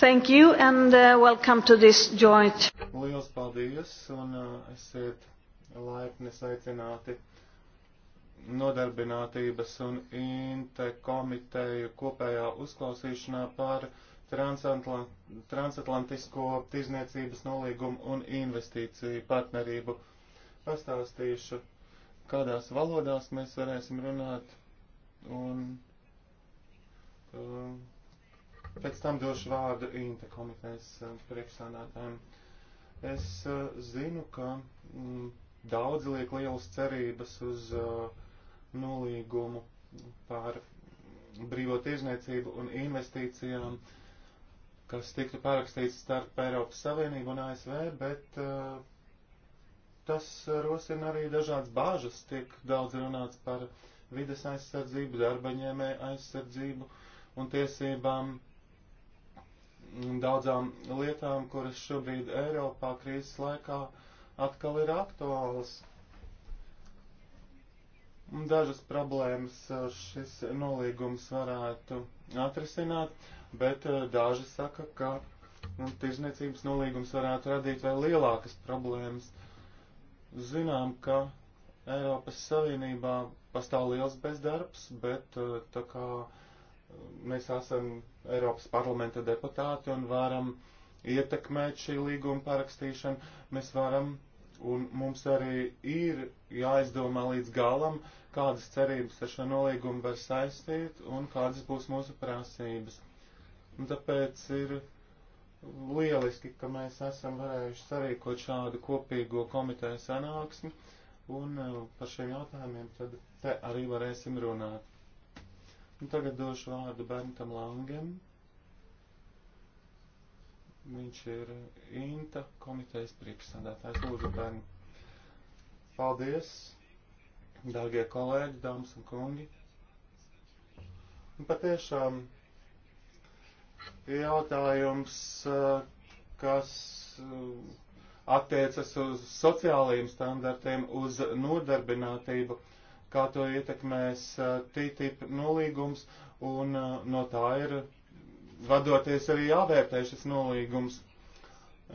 Thank you and uh, welcome to this joint. Lielas paldies un uh, esiet laipni sveicināti nodarbinātības un inte komiteju kopējā uzklausīšanā par transatla transatlantisko tirzniecības nolīgumu un investīciju partnerību. Pastāstīšu, kādās valodās mēs varēsim runāt un uh, Pēc tam došu vārdu Inta komitejas eh, priekšsādātājiem. Es eh, zinu, ka m, mm, daudzi liek lielas cerības uz uh, nolīgumu par brīvo tirzniecību un investīcijām, kas tiktu parakstīts starp Eiropas Savienību un ASV, bet uh, tas rosina arī dažādas bāžas. Tiek daudz runāts par vides aizsardzību, darbaņēmē aizsardzību un tiesībām daudzām lietām, kuras šobrīd Eiropā krīzes laikā atkal ir aktuālas. Dažas problēmas uh, šis nolīgums varētu atrisināt, bet uh, daži saka, ka nu, tirzniecības nolīgums varētu radīt vēl lielākas problēmas. Zinām, ka Eiropas Savienībā pastāv liels bezdarbs, bet uh, tā kā uh, Mēs esam Eiropas parlamenta deputāti un varam ietekmēt šī līguma parakstīšanu. Mēs varam un mums arī ir jāizdomā līdz galam, kādas cerības ar šo nolīgumu var saistīt un kādas būs mūsu prasības. Un tāpēc ir lieliski, ka mēs esam varējuši sarīkot šādu kopīgo komiteju sanāksmi, un eh, par šiem jautājumiem tad te arī varēsim runāt. Un nu, tagad došu vārdu Berntam Langem. Viņš ir INTA komitejas priekšsādātājs. Lūdzu, Bernt. Paldies, dārgie kolēģi, dāmas un kungi. Un patiešām jautājums, kas attiecas uz sociālajiem standartiem, uz nodarbinātību kā to ietekmēs TTIP nolīgums, un no tā ir vadoties arī jāvērtē šis nolīgums.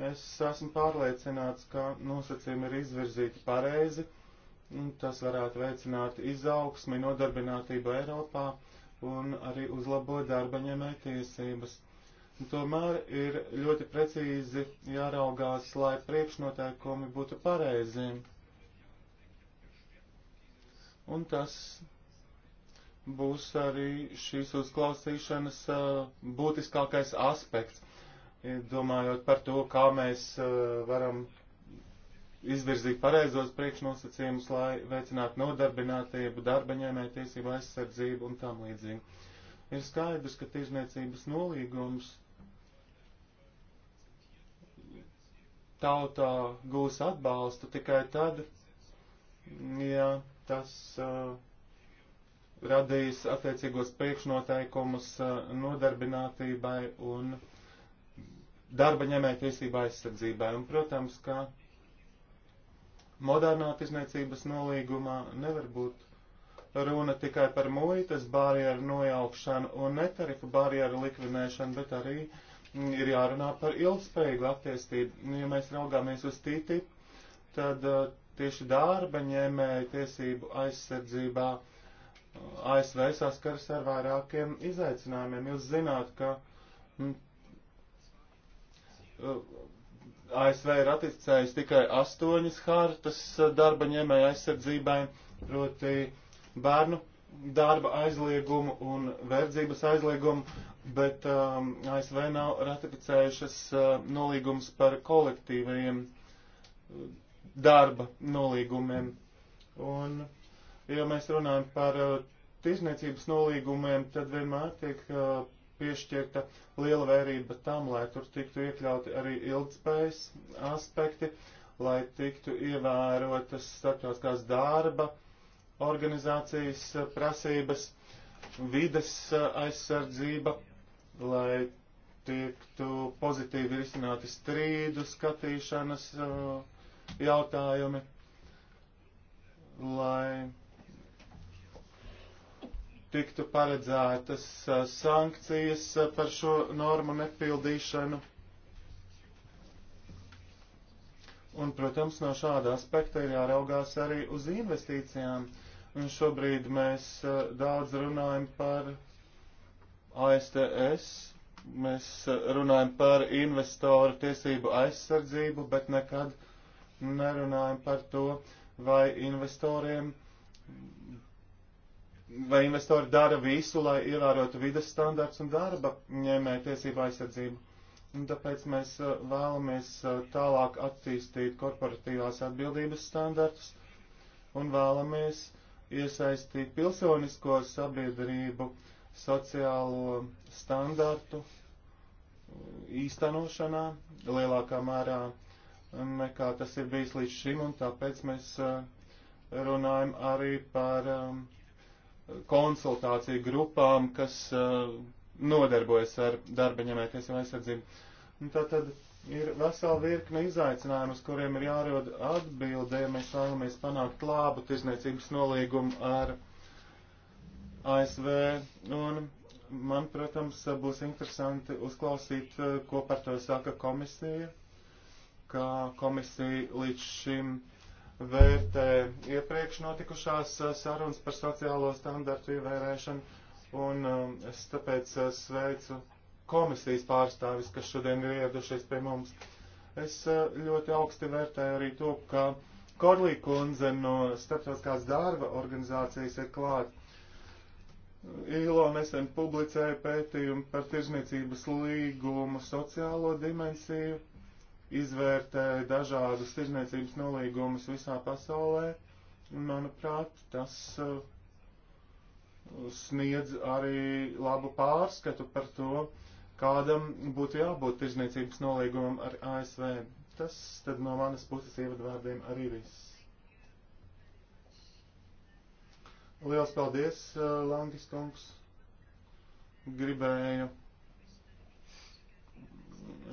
Es esmu pārliecināts, ka nosacījumi ir izvirzīti pareizi, un tas varētu veicināt izaugsmi, nodarbinātību Eiropā un arī uzlabot darba ņēmēju tiesības. Tomēr ir ļoti precīzi jāraugās, lai priekšnoteikumi būtu pareizi un tas būs arī šīs uzklausīšanas būtiskākais aspekts, domājot par to, kā mēs varam izvirzīt pareizos priekšnosacījumus, lai veicinātu nodarbinātību, darbaņēmē tiesību aizsardzību un tam līdzīgi. Ir skaidrs, ka tirzniecības nolīgums tautā gūs atbalstu tikai tad, ja tas uh, radīs attiecīgos priekšnoteikumus uh, nodarbinātībai un darba ņemēja tiesība aizsardzībai. Un, protams, ka modernā tirzniecības nolīgumā nevar būt runa tikai par muitas barjeru nojaukšanu un netarifu barjeru likvidēšanu, bet arī mm, ir jārunā par ilgspējīgu attīstību. Ja mēs raugāmies uz TTIP, tad uh, tieši darba ņēmēju tiesību aizsardzībā ASV saskaras ar vairākiem izaicinājumiem. Jūs zināt, ka mm, uh, ASV ir atticējis tikai astoņas hartas darba ņēmēja aizsardzībai, proti bērnu darba aizliegumu un verdzības aizliegumu, bet um, ASV nav ratificējušas uh, nolīgums par kolektīvajiem uh, darba nolīgumiem. Un, ja mēs runājam par uh, tirzniecības nolīgumiem, tad vienmēr tiek uh, piešķirta liela vērība tam, lai tur tiktu iekļauti arī ilgspējas aspekti, lai tiktu ievērotas starptautiskās darba organizācijas uh, prasības, vides aizsardzība, lai tiktu pozitīvi risināti strīdu skatīšanas uh, jautājumi, lai tiktu paredzētas sankcijas par šo normu nepildīšanu. Un, protams, no šāda aspekta ir jāraugās arī uz investīcijām. Un šobrīd mēs daudz runājam par ASTS, mēs runājam par investoru tiesību aizsardzību, bet nekad nerunājam par to, vai investoriem, vai investori dara visu, lai ievērotu vidas standarts un darba ņēmēja tiesību aizsardzību. Un tāpēc mēs eh, vēlamies eh, tālāk attīstīt korporatīvās atbildības standartus un vēlamies iesaistīt pilsonisko sabiedrību sociālo standartu eh, īstenošanā lielākā mērā nekā tas ir bijis līdz šim, un tāpēc mēs eh, runājam arī par eh, konsultāciju grupām, kas eh, nodarbojas ar darbaņemē tiesību aizsardzību. Un tā tad ir vesela virkne izaicinājumu, uz kuriem ir jārod atbilde, ja mēs vēlamies panākt labu tirzniecības nolīgumu ar ASV. Un man, protams, būs interesanti uzklausīt, ko par to saka komisija kā komisija līdz šim vērtē iepriekš notikušās uh, sarunas par sociālo standartu ievērēšanu, un um, es tāpēc uh, sveicu komisijas pārstāvis, kas šodien ir ieradušies pie mums. Es uh, ļoti augsti vērtēju arī to, ka Korlī kundze no Starptautiskās darba organizācijas ir klāt. ILO nesen publicēja pētījumu par tirzniecības līgumu sociālo dimensiju, izvērtē dažādus tirzniecības nolīgumus visā pasaulē. Manuprāt, tas uh, sniedz arī labu pārskatu par to, kādam būtu jābūt tirzniecības nolīgumam ar ASV. Tas tad no manas puses ievadvārdiem arī viss. Liels paldies, uh, Langis kungs! Gribēju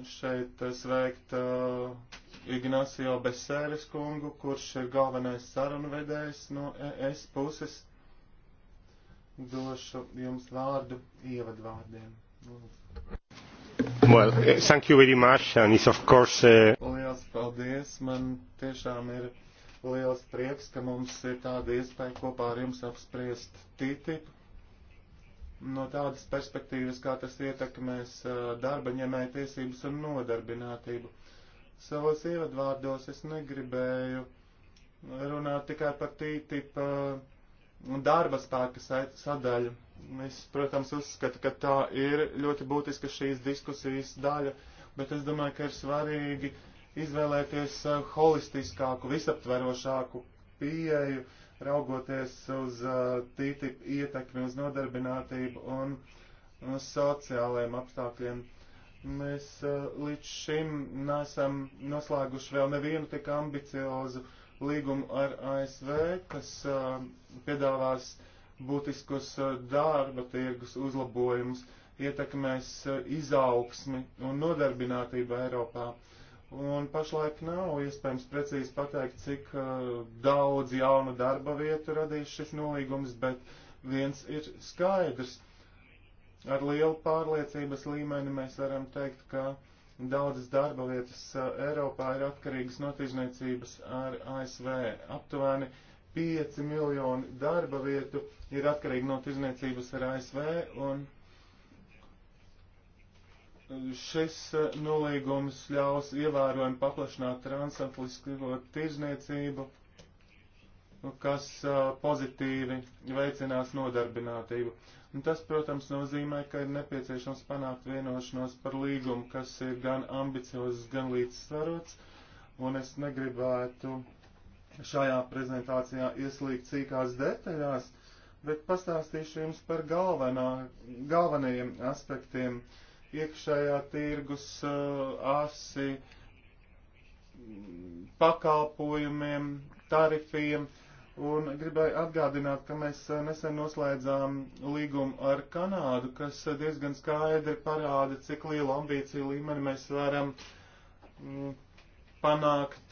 šeit eh, sveikt uh, eh, Ignācijā Besēris kungu, kurš ir galvenais sarunvedējs no ES puses. Došu jums vārdu ievadvārdiem. Well, thank you very much, and it's of course... Uh... Liels paldies, man tiešām ir liels prieks, ka mums ir tāda iespēja kopā ar jums apspriest TTIP no tādas perspektīvas, kā tas ietekmēs darba ņemēja tiesības un nodarbinātību. Savos ievadvārdos es negribēju runāt tikai par TTIP darba spēka sadaļu. Es, protams, uzskatu, ka tā ir ļoti būtiska šīs diskusijas daļa, bet es domāju, ka ir svarīgi izvēlēties holistiskāku, visaptverošāku pieeju, uh, raugoties uz uh, TTIP ietekmi uz nodarbinātību un uz sociālajiem apstākļiem. Mēs uh, līdz šim nesam noslēguši vēl nevienu tik ambiciozu līgumu ar ASV, kas uh, piedāvās būtiskus darba tirgus uzlabojumus, ietekmēs izaugsmi un nodarbinātību Eiropā. Uh, Un pašlaik nav iespējams precīzi pateikt, cik uh, daudz jaunu darba vietu radīs šis nolīgums, bet viens ir skaidrs. Ar lielu pārliecības līmeni mēs varam teikt, ka daudzas darba vietas uh, Eiropā ir atkarīgas no tirzniecības ar ASV. Aptuveni 5 miljoni darba vietu ir atkarīgi no tirzniecības ar ASV un Šis e, nolīgums ļaus ievērojami paplašināt transatlantisko tirzniecību, kas e, pozitīvi veicinās nodarbinātību. Un tas, protams, nozīmē, ka ir nepieciešams panākt vienošanos par līgumu, kas ir gan ambiciozs, gan līdzsvarots, un es negribētu šajā prezentācijā ieslīgt cīkās detaļās, bet pastāstīšu jums par galvenā, galvenajiem aspektiem. Uh, iekšējā tirgus uh, asi pakalpojumiem, tarifiem. Un gribēju atgādināt, ka mēs uh, nesen noslēdzām līgumu ar Kanādu, kas uh, diezgan skaidri parāda, cik lielu ambīciju līmeni mēs varam mm, panākt,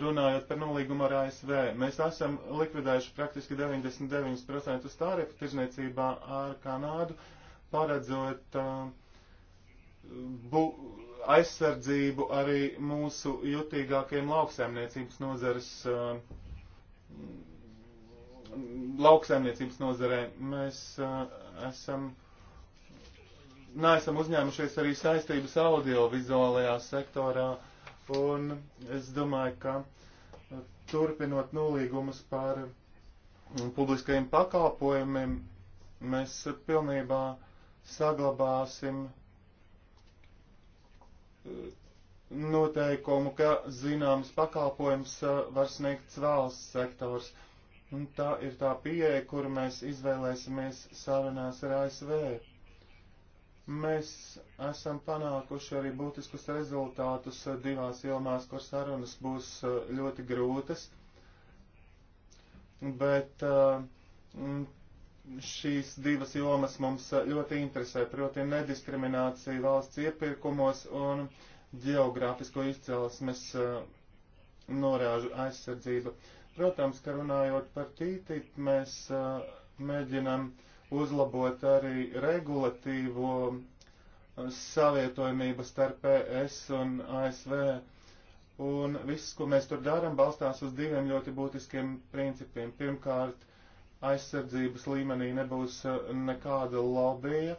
runājot par nolīgumu ar ASV. Mēs esam likvidējuši praktiski 99% tarifu tirzniecībā ar Kanādu, paredzot uh, bu, aizsardzību arī mūsu jutīgākiem lauksaimniecības nozares uh, lauksaimniecības nozarē. Mēs uh, esam neesam uzņēmušies arī saistības audiovizuālajā sektorā, un es domāju, ka turpinot nolīgumus par publiskajiem pakalpojumiem, mēs pilnībā uh, saglabāsim eh, noteikumu, ka zināms pakalpojums eh, var sniegt valsts sektors. Un tā ir tā pieeja, kuru mēs izvēlēsimies sarunās ar ASV. Mēs esam panākuši arī būtiskus rezultātus eh, divās jomās, kur sarunas būs ļoti grūtas, bet uh, šīs divas jomas mums ļoti interesē, proti nediskriminācija valsts iepirkumos un geogrāfisko izcelsmes eh, norāžu aizsardzība. Protams, ka runājot par TTIP, mēs eh, mēģinam uzlabot arī regulatīvo eh, savietojamību starp PS e un ASV. Un viss, ko mēs tur darām, balstās uz diviem ļoti būtiskiem principiem. Pirmkārt, aizsardzības līmenī nebūs uh, nekāda lobija,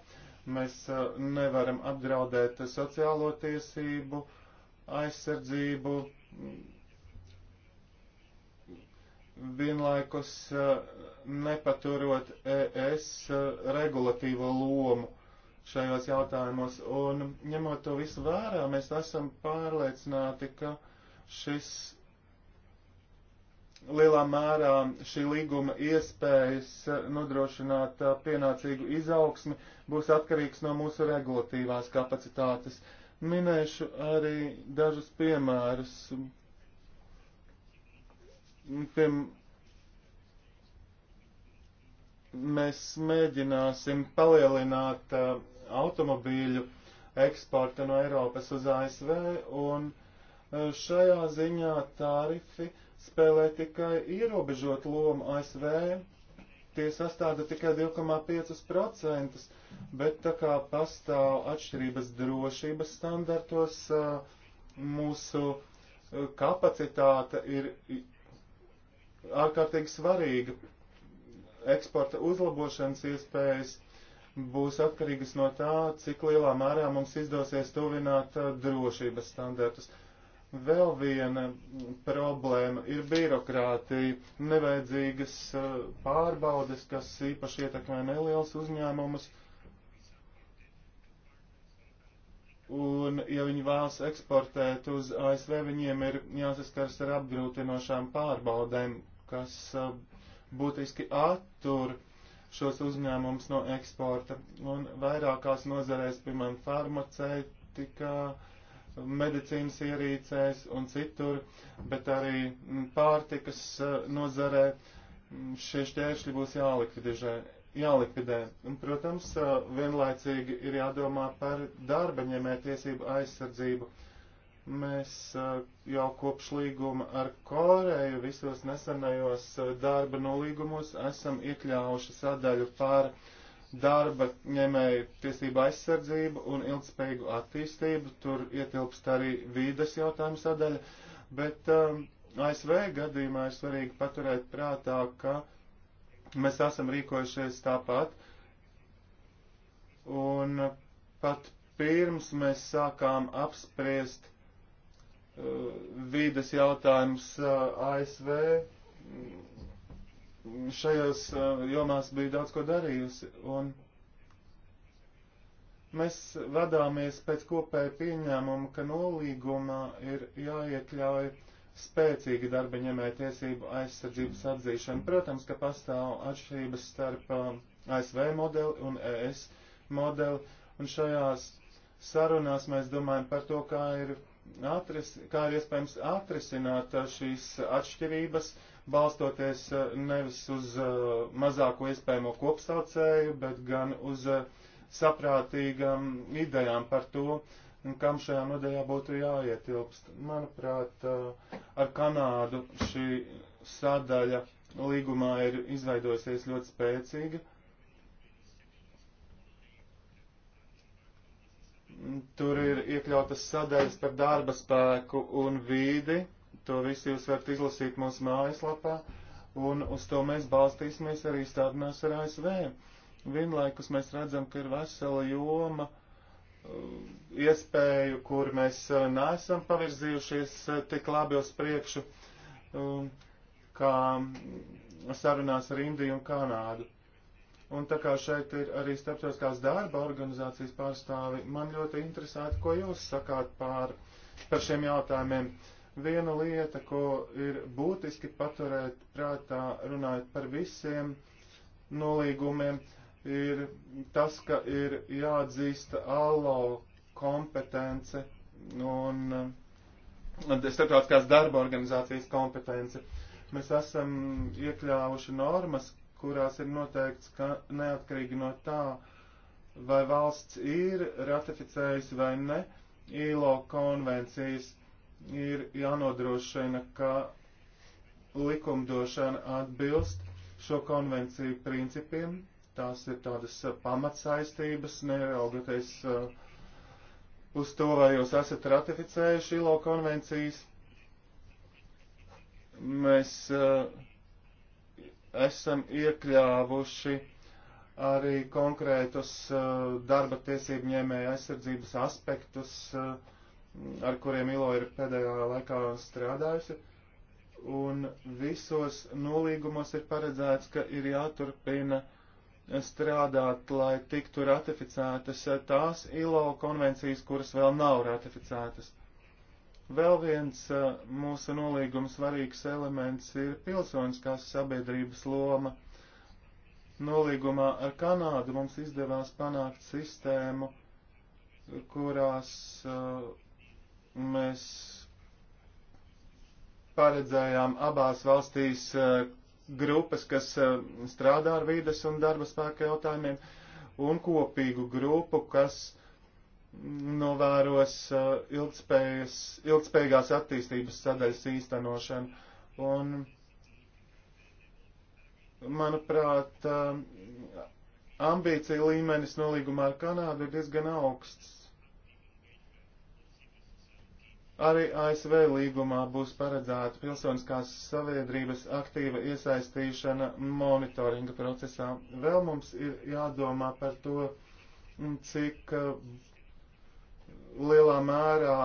mēs uh, nevaram apdraudēt sociālo tiesību, aizsardzību, vienlaikus uh, nepaturot ES regulatīvo lomu šajos jautājumos. Un ņemot to visu vērā, mēs esam pārliecināti, ka šis lielā mērā šī līguma iespējas eh, nodrošināt eh, pienācīgu izaugsmi būs atkarīgs no mūsu regulatīvās kapacitātes. Minēšu arī dažus piemērus. Piem, mēs mēģināsim palielināt uh, automobīļu eksporta no Eiropas uz ASV, un uh, šajā ziņā tarifi uh, spēlē tikai ierobežot lomu ASV. Tie sastāda tikai 2,5%, bet tā kā pastāv atšķirības drošības standartos, mūsu kapacitāte ir ārkārtīgi svarīga. Eksporta uzlabošanas iespējas būs atkarīgas no tā, cik lielā mērā mums izdosies tuvināt drošības standartus. Uh, Vēl viena problēma ir birokrātija, nevajadzīgas uh, pārbaudes, kas īpaši ietekmē nelielus uzņēmumus. Un, ja viņi vēlas eksportēt uz ASV, viņiem ir jāsaskars ar apgrūtinošām pārbaudēm, kas uh, būtiski attur šos uzņēmumus no eksporta. Un vairākās nozarēs, piemēram, farmaceitikā, uh, medicīnas ierīcēs un citur, bet arī mm, pārtikas eh, nozarē mm, šie šķēršļi būs jālikvidē. jālikvidē. Un, protams, eh, vienlaicīgi ir jādomā par darba ņemē tiesību aizsardzību. Mēs eh, jau kopš līguma ar Koreju visos nesenajos darba nolīgumos esam iekļāvuši sadaļu par uh, darba ņēmēju tiesību aizsardzību un ilgspējīgu attīstību, tur ietilpst arī vīdes jautājuma sadaļa, bet um, ASV gadījumā ir svarīgi paturēt prātā, ka mēs esam rīkojušies tāpat, un pat pirms mēs sākām apspriest uh, vīdes jautājumus uh, ASV šajās jomās bija daudz ko darījusi. Un mēs vadāmies pēc kopēja pieņēmuma, ka nolīgumā ir jāiekļauj spēcīgi darba ņemēja tiesību aizsardzības atzīšana. Protams, ka pastāv atšķirības starp ASV modeli un ES modeli, un šajās sarunās mēs domājam par to, kā ir, atris, kā ir iespējams atrisināt šīs atšķirības. Uh, balstoties eh, nevis uz eh, mazāko iespējamo kopsaucēju, bet gan uz eh, saprātīgām idejām par to, kam šajā nodaļā būtu jāietilpst. Manuprāt, ar Kanādu šī sadaļa līgumā ir izveidojusies ļoti spēcīga. Tur ir iekļautas sadaļas par darba spēku un vīdi. To visu jūs varat izlasīt mūsu mājaslapā, un uz to mēs balstīsimies arī stādinās ar ASV. Vienlaikus mēs redzam, ka ir vesela joma uh, iespēju, kur mēs uh, neesam pavirzījušies uh, tik labi uz priekšu, um, kā sarunās ar Indiju un Kanādu. Un tā kā šeit ir arī starptautiskās darba organizācijas pārstāvi, man ļoti interesēta, ko jūs sakāt pār, par šiem jautājumiem. Uh, Viena lieta, ko ir būtiski paturēt prātā, runājot par visiem nolīgumiem, ir tas, ka ir jāatzīst ALO kompetence un starptautiskās darba organizācijas kompetence. Mēs esam iekļāvuši normas, kurās ir noteikts, ka neatkarīgi no tā, vai valsts ir ratificējusi vai ne ILO konvencijas, ir jānodrošina, ka likumdošana atbilst šo konvenciju principiem. Tās ir tādas uh, pamatsaistības, neraugoties uh, uz to, vai jūs esat ratificējuši ILO konvencijas. Mēs uh, esam iekļāvuši arī konkrētus uh, darba tiesību ņēmēja aizsardzības aspektus uh, ar kuriem ILO ir pēdējā laikā strādājusi. Un visos nolīgumos ir paredzēts, ka ir jāturpina strādāt, lai tiktu ratificētas tās ILO konvencijas, kuras vēl nav ratificētas. Vēl viens eh, mūsu nolīguma svarīgs elements ir pilsoniskās sabiedrības loma. Nolīgumā ar Kanādu mums izdevās panākt sistēmu, kurās uh, Mēs paredzējām abās valstīs eh, grupas, kas eh, strādā ar vīdes un darba spēka jautājumiem, un kopīgu grupu, kas novēros eh, ilgspējas, ilgspējīgās attīstības sadaļas īstenošanu. Un, manuprāt, ambīcija līmenis nolīgumā ar Kanādu ir diezgan augsts. Arī ASV līgumā būs paredzēta pilsoniskās saviedrības aktīva iesaistīšana monitoringa procesā. Vēl mums ir jādomā par to, cik lielā mērā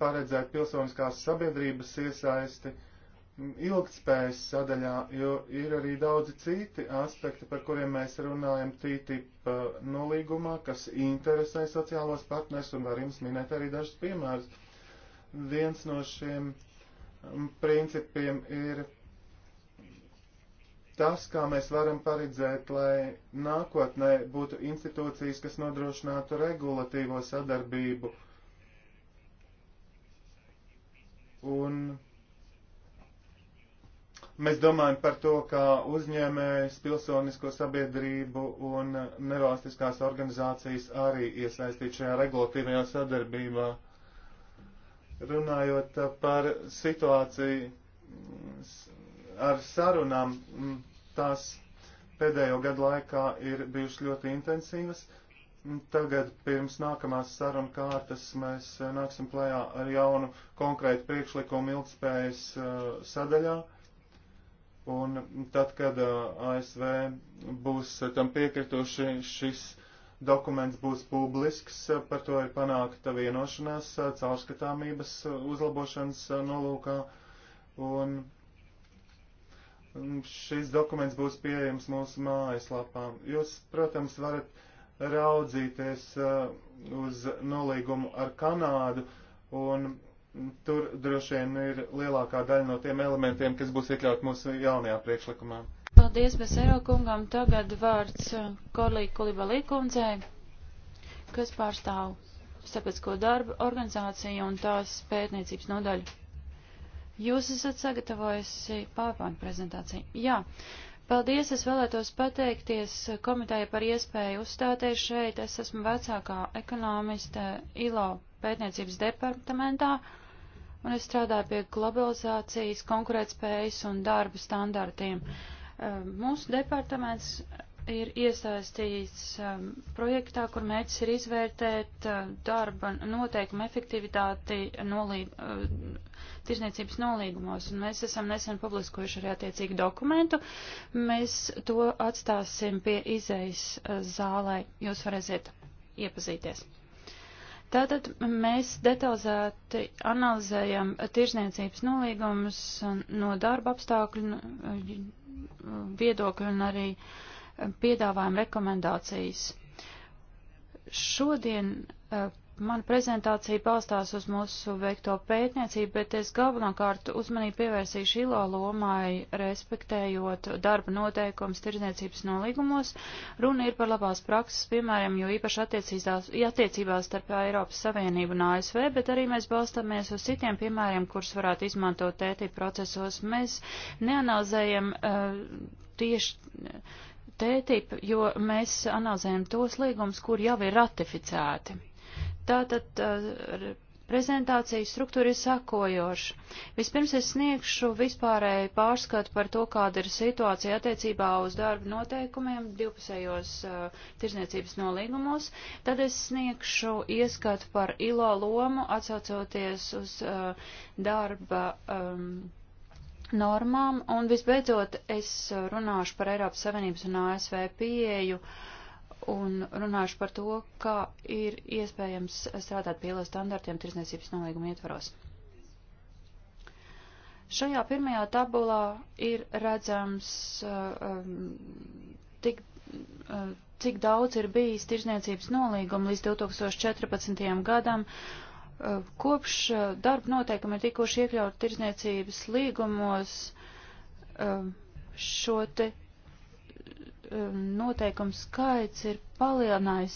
paredzēt pilsoniskās sabiedrības iesaisti ilgtspējas sadaļā, jo ir arī daudzi citi aspekti, par kuriem mēs runājam TTIP uh, nolīgumā, kas interesē sociālos partners un var jums minēt arī dažus piemērus. Viens no šiem um, principiem ir tas, kā mēs varam paredzēt, lai nākotnē būtu institūcijas, kas nodrošinātu regulatīvo sadarbību. Un mēs domājam par to, kā uzņēmējs, pilsonisko sabiedrību un nevalstiskās organizācijas arī iesaistīt šajā regulatīvajā sadarbībā. Runājot par situāciju ar sarunām, tās pēdējo gadu laikā ir bijušas ļoti intensīvas. Tagad pirms nākamās saruna kārtas mēs nāksim klajā ar jaunu konkrētu priekšlikumu ilgspējas e, sadaļā. Un tad, kad e, ASV būs tam piekrituši, šis dokuments būs publisks, par to ir panākta vienošanās caurskatāmības uzlabošanas nolūkā. Un šis dokuments būs pieejams mūsu mājaslapā. Jūs, protams, varat raudzīties uz nolīgumu ar Kanādu, un tur droši vien ir lielākā daļa no tiem elementiem, kas būs iekļaut mūsu jaunajā priekšlikumā. Paldies Besero kungam. Tagad vārds uh, kolīgi Kulibalī kundzei, kas pārstāv starptautisko darbu organizāciju un tās pētniecības nodaļu. Jūs esat sagatavojusi PowerPoint prezentāciju. Jā. Paldies, es vēlētos pateikties komitēja par iespēju uzstāties šeit. Es esmu vecākā ekonomiste ILO pētniecības departamentā, un es strādāju pie globalizācijas, konkurētspējas un darba standartiem. Uh, Ehm, mūsu departaments ir iesaistīts um, projektā, kur mērķis ir izvērtēt uh, darba noteikumu efektivitāti nolīg, uh, tirsniecības nolīgumos. Un mēs esam nesen publiskojuši arī attiecīgu dokumentu. Mēs to atstāsim pie izejas uh, zālē. Jūs varēsiet iepazīties. Tātad mēs detalizēti analizējam tirzniecības nolīgumus no darba apstākļu viedokļu un arī piedāvājam rekomendācijas. Šodien eh, Mana prezentācija balstās uz mūsu veikto pētniecību, bet es galvenokārt uzmanību pievērsīšu ILO lomai, respektējot darba noteikums tirdzniecības nolīgumos. Runa ir par labās prakses, piemēram, jo īpaši attiecībās starp Eiropas Savienību un ASV, bet arī mēs balstāmies uz citiem piemēriem, kurus varētu izmantot tētī procesos. Mēs neanalizējam uh, tieši. Eh, TTIP, jo mēs analizējam tos līgumus, kur jau ir ratificēti. Tātad eh, prezentācijas struktūra ir sakojoša. Vispirms es sniegšu vispārēju pārskatu par to, kāda ir situācija attiecībā uz darba noteikumiem divpusējos uh, tirzniecības nolīgumos. Tad es sniegšu ieskatu par ILO lomu atsaucoties uz uh, darba. Um, normām, un visbeidzot es runāšu par Eiropas Savienības un ASV pieeju uh, un runāšu par to, kā ir iespējams strādāt pie standartiem tirsniecības nolīguma ietvaros. Šajā pirmajā tabulā ir redzams, uh, um, tik, uh, cik daudz ir bijis tirsniecības nolīguma līdz 2014. gadam. Uh, kopš darba noteikumi ir tikuši iekļauti tirsniecības līgumos šo te Um, noteikumu skaits ir palielinājis.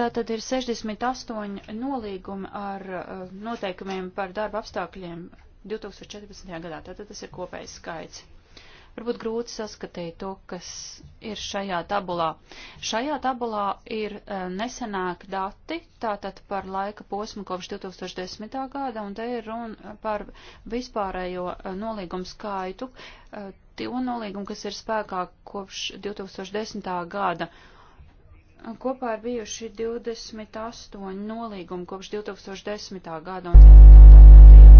Tā tad ir 68 nolīgumi ar uh, noteikumiem par darba apstākļiem 2014. gadā. Tātad tas ir kopējs skaits varbūt grūti saskatīt to, kas ir šajā tabulā. Šajā tabulā ir uh, nesenāk dati, tātad par laika posmu kopš 2010. gada, un te ir runa par vispārējo uh, nolīgumu skaitu, uh, to nolīgumu, kas ir spēkā kopš 2010. gada. Kopā ir bijuši 28 nolīgumi kopš 2010. gada. Un...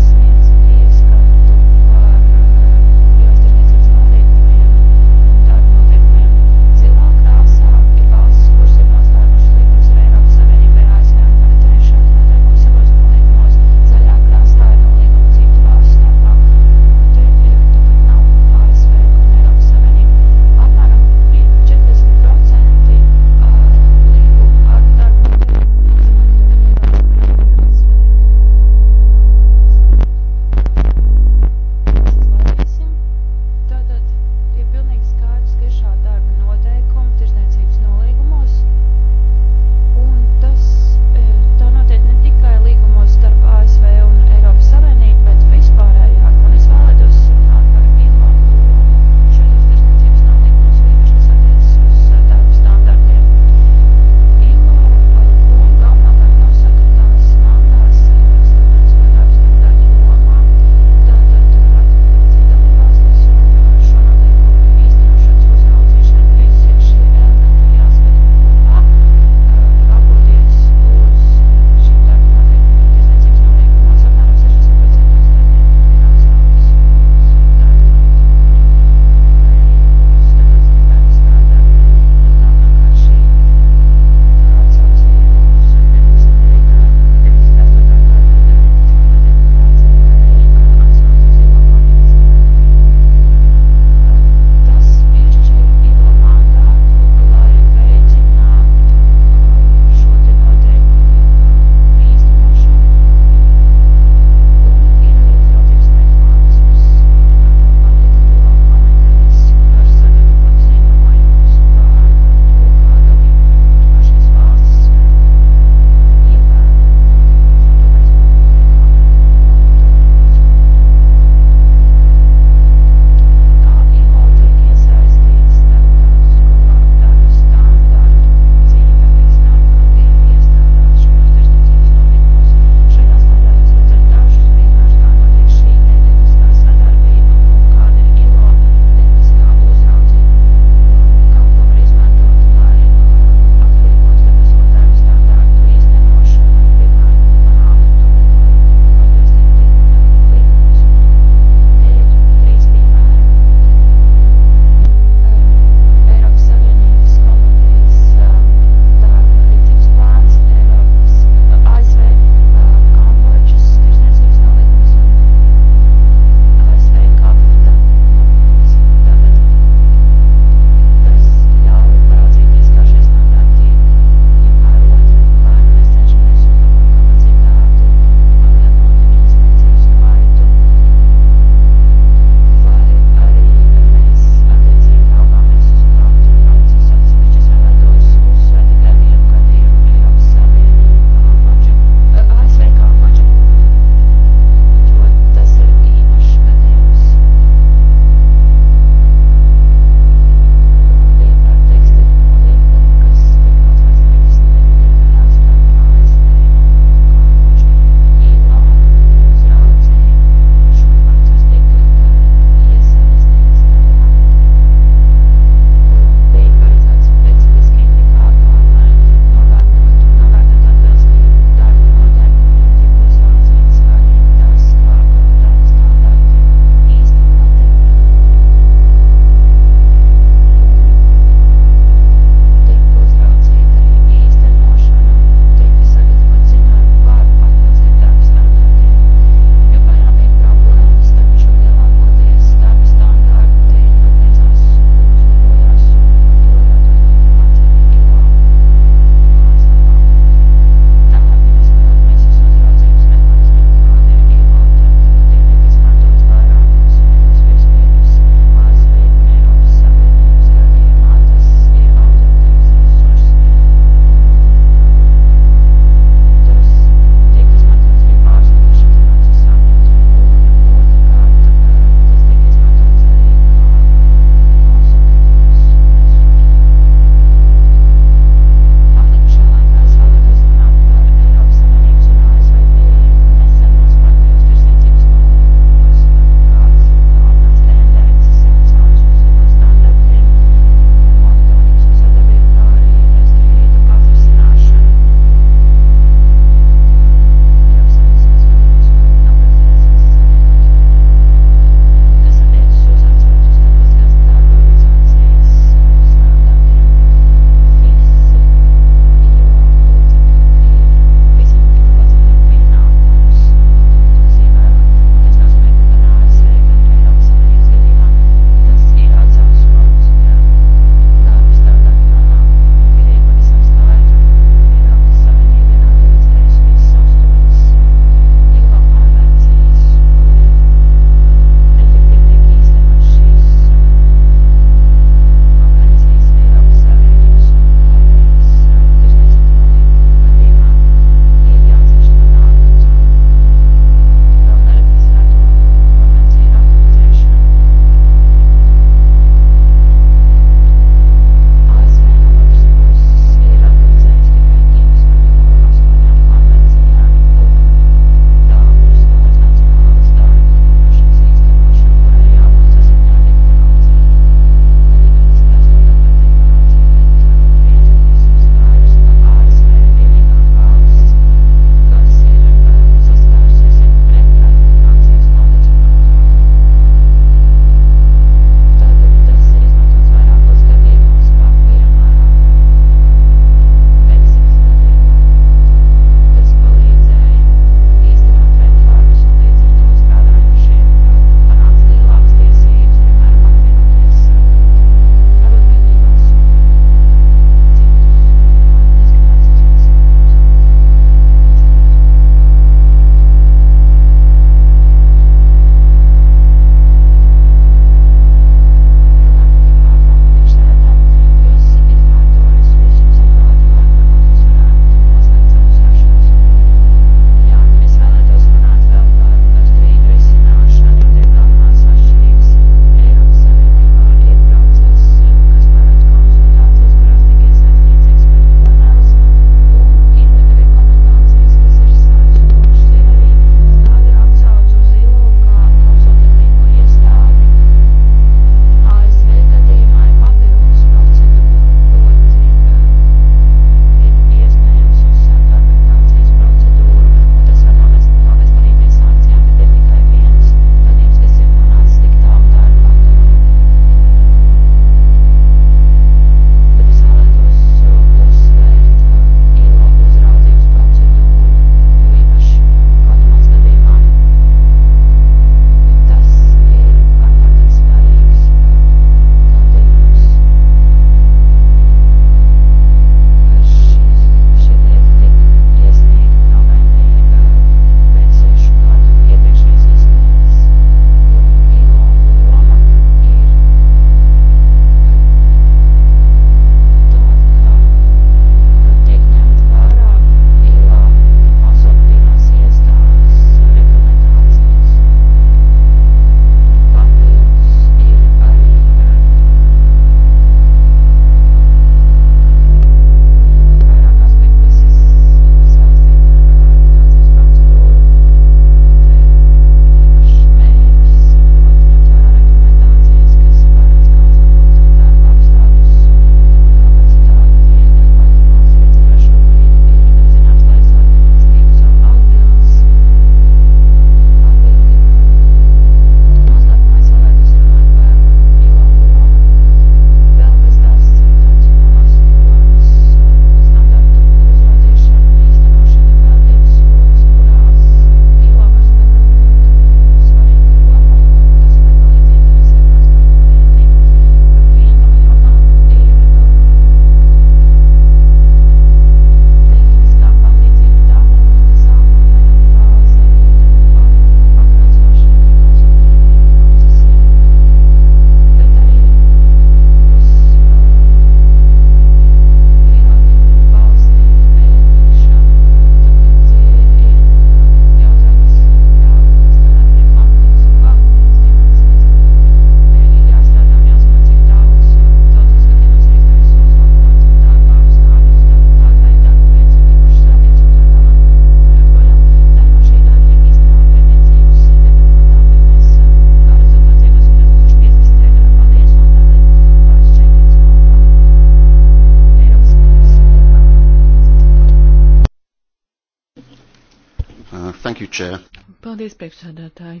Paldies, priekšsādātāji!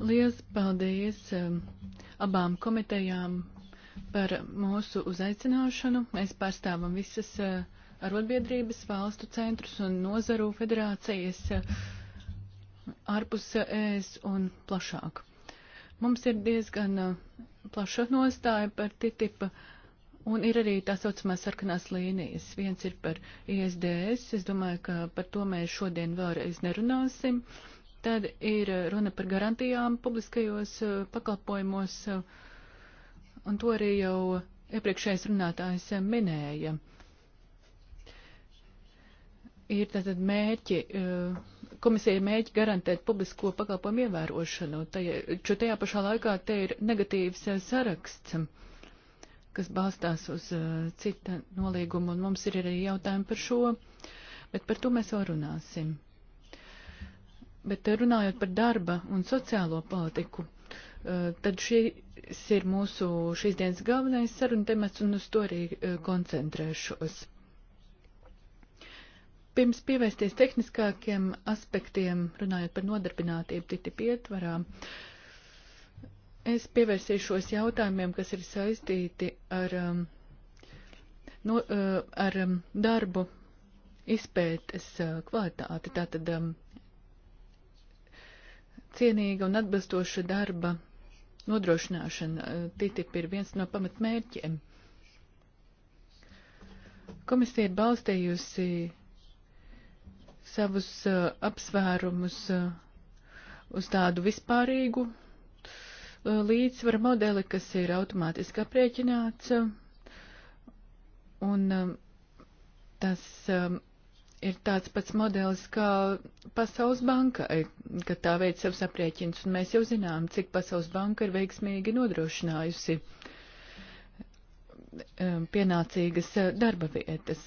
Lielas paldies um, abām komitejām par mūsu uzaicināšanu. Mēs pārstāvam visas uh, arotbiedrības, valstu centrus un nozaru federācijas uh, ārpus ES uh, un plašāk. Mums ir diezgan plaša nostāja par TTIP Un ir arī tā saucamā sarkanās līnijas. Viens ir par ISDS, es domāju, ka par to mēs šodien vēlreiz nerunāsim. Tad ir runa par garantijām publiskajos eh, pakalpojumos, eh, un to arī jau iepriekšējais runātājs eh, minēja. Ir tātad mērķi, komisija mērķi garantēt publisko pakalpojumu ievērošanu, taču tajā pašā laikā te ir negatīvs saraksts kas balstās uz uh, cita nolīguma, un mums ir arī jautājumi par šo, bet par to mēs vēl runāsim. Bet uh, runājot par darba un sociālo politiku, uh, tad šis ir mūsu šīs dienas galvenais saruna temats, un uz to arī uh, koncentrēšos. Pirms pievērsties tehniskākiem aspektiem, runājot par nodarbinātību TTIP ietvarā, uh, Es pievērsīšos jautājumiem, kas ir saistīti ar, um, no, uh, ar um, darbu izpētes uh, kvalitāti, tātad um, cienīga un atbilstoša darba nodrošināšana. Uh, TTIP ir viens no pamatmērķiem. Komisija ir balstījusi savus uh, apsvērumus uh, uz tādu vispārīgu līdzsvara modeli, kas ir automātiski aprēķināts, un um, tas um, ir tāds pats modelis kā Pasaules banka, e, kad tā veic savus aprēķinus, un mēs jau zinām, cik Pasaules banka ir veiksmīgi nodrošinājusi um, pienācīgas uh, darba vietas.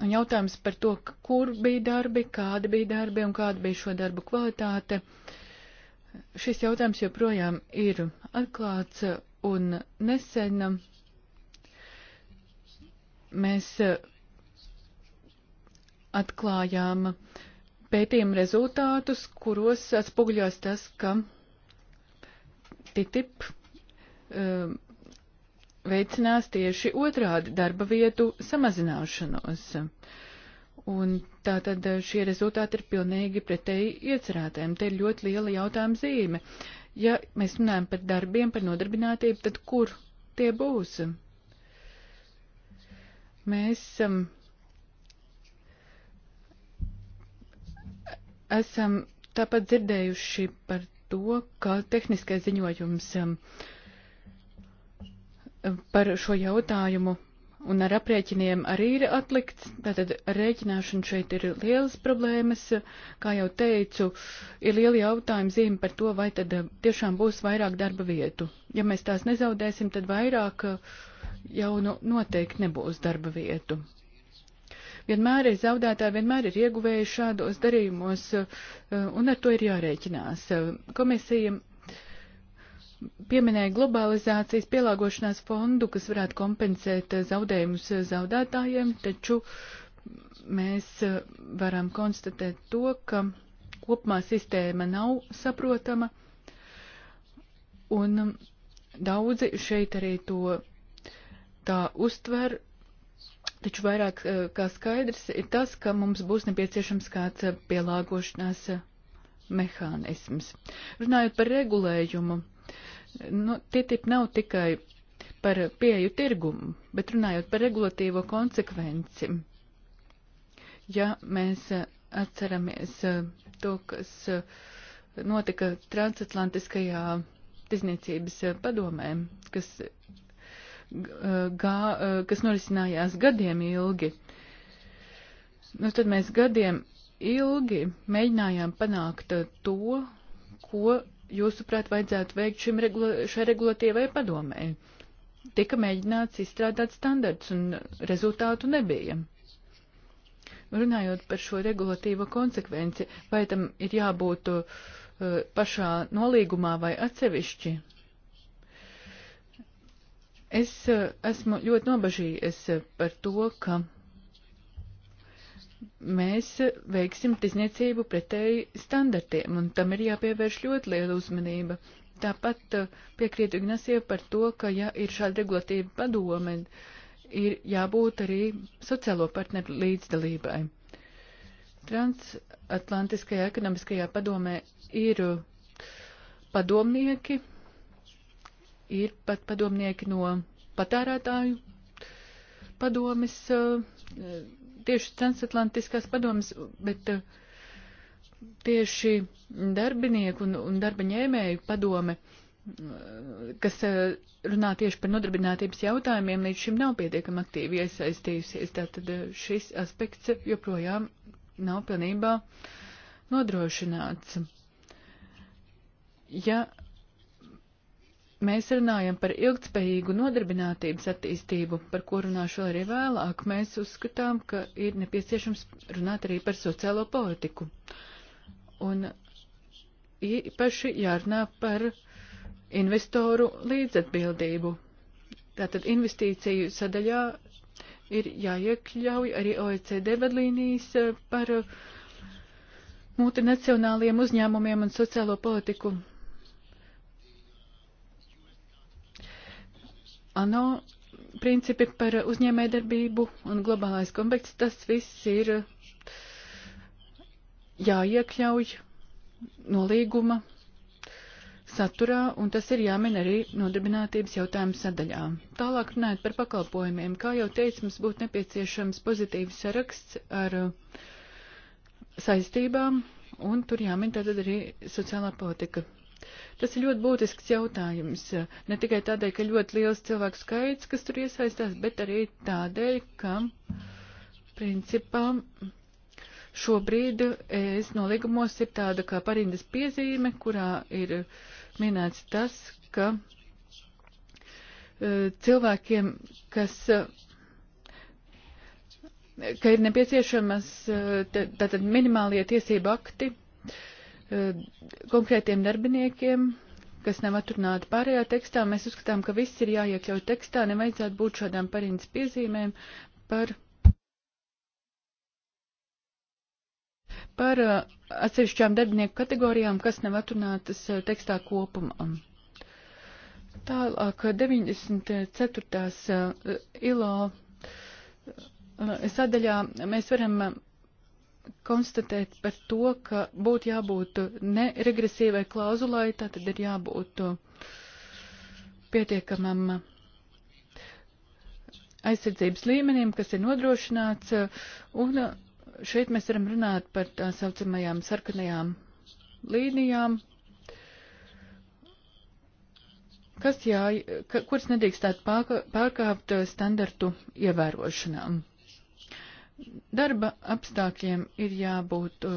Un jautājums par to, kur bija darbi, kādi bija darbi un kāda bija šo darbu kvalitāte. Uh, Šis jautājums joprojām ir atklāts un nesen mēs atklājām pētījumu rezultātus, kuros atspoguļos tas, ka TTIP um, veicinās tieši otrādi darba vietu samazināšanos. Uh, Un tātad šie rezultāti ir pilnīgi pretēji iecerētēm. Te ir ļoti liela jautājuma zīme. Ja mēs runājam par darbiem, par nodarbinātību, tad kur tie būs? Mēs um, esam tāpat dzirdējuši par to, ka tehniskais ziņojums um, par šo jautājumu un ar aprēķiniem arī ir atlikts. Tātad rēķināšana šeit ir lielas problēmas. Kā jau teicu, ir liela jautājuma zīme par to, vai tad eh, tiešām būs vairāk darba vietu. Ja mēs tās nezaudēsim, tad vairāk eh, jau nu, noteikti nebūs darba vietu. Vienmēr ir zaudētāji, vienmēr ir ieguvēji šādos darījumos, eh, un ar to ir jārēķinās. Komisija pieminēja globalizācijas pielāgošanās fondu, kas varētu kompensēt eh, zaudējumus eh, zaudētājiem, taču mēs eh, varam konstatēt to, ka kopumā sistēma nav saprotama, un mm, daudzi šeit arī to tā uztver, taču vairāk kā skaidrs ir tas, ka mums būs nepieciešams kāds pielāgošanās mehānisms. Runājot par regulējumu, uh, Nu, TTIP nav tikai par pieju tirgumu, bet runājot par regulatīvo konsekvenci. Ja mēs eh, atceramies eh, to, kas eh, notika transatlantiskajā tizniecības padomē, kas, gā, kas norisinājās gadiem ilgi, nu, tad mēs gadiem ilgi mēģinājām panākt to, ko jūsuprāt, vajadzētu veikt šim regula šai regulatīvai padomē? Tika mēģināts izstrādāt standarts un rezultātu nebija. Runājot par šo regulatīvo konsekvenci, vai tam ir jābūt uh, pašā nolīgumā vai atsevišķi? Es uh, esmu ļoti nobažījies par to, ka mēs veiksim tizniecību pretēji standartiem, un tam ir jāpievērš ļoti liela uzmanība. Tāpat uh, piekrītu Ignasiev par to, ka, ja ir šāda regulatīva padome, ir jābūt arī sociālo partneru līdzdalībai. Transatlantiskajā ekonomiskajā padomē ir uh, padomnieki, ir pat padomnieki no patērētāju padomes uh, tieši transatlantiskās padomas, bet eh, tieši darbinieku un, un darba ņēmēju padome, eh, kas eh, runā tieši par nodarbinātības jautājumiem, līdz šim nav pietiekami aktīvi iesaistījusies. Tātad šis aspekts joprojām nav pilnībā nodrošināts. Ja mēs runājam par ilgtspējīgu nodarbinātības attīstību, par ko runāšu arī vēlāk, mēs uzskatām, ka ir nepieciešams runāt arī par sociālo politiku. Un īpaši jārunā par investoru līdzatbildību. Tātad investīciju sadaļā ir jāiekļauj arī OECD vadlīnijas eh, par multinacionāliem uzņēmumiem un sociālo politiku ANO principi par uzņēmējdarbību un globālais kompakts, tas viss ir jāiekļauj no līguma saturā, un tas ir jāmin arī nodarbinātības jautājumu sadaļā. Tālāk runājot par pakalpojumiem, kā jau teicu, mums būtu nepieciešams pozitīvs saraksts ar saistībām, un tur jāmin tātad arī sociālā politika Tas ir ļoti būtisks jautājums. Ne tikai tādēļ, ka ļoti liels cilvēku skaits, kas tur iesaistās, bet arī tādēļ, ka principā šobrīd es nolīgumos ir tāda kā parindas piezīme, kurā ir minēts tas, ka eh, cilvēkiem, kas ka ir nepieciešamas eh, tātad minimālie tiesība akti, uh, Eh, konkrētiem darbiniekiem, kas nav atrunāti pārējā tekstā. Mēs uzskatām, ka viss ir jāiekļaut tekstā, nevajadzētu būt šādām pariņas piezīmēm par, par eh, atsevišķām darbinieku kategorijām, kas nav atrunātas eh, tekstā kopumā. Tālāk 94. ILO sadaļā mēs varam konstatēt par to, ka būtu jābūt neregresīvai klauzulai, tātad ir jābūt pietiekamam aizsardzības līmenim, kas ir nodrošināts, un šeit mēs varam runāt par tā saucamajām sarkanajām līnijām, kas jā, ka, kuras nedrīkstētu pārkāpt standartu ievērošanām. Darba apstākļiem ir jābūt uh,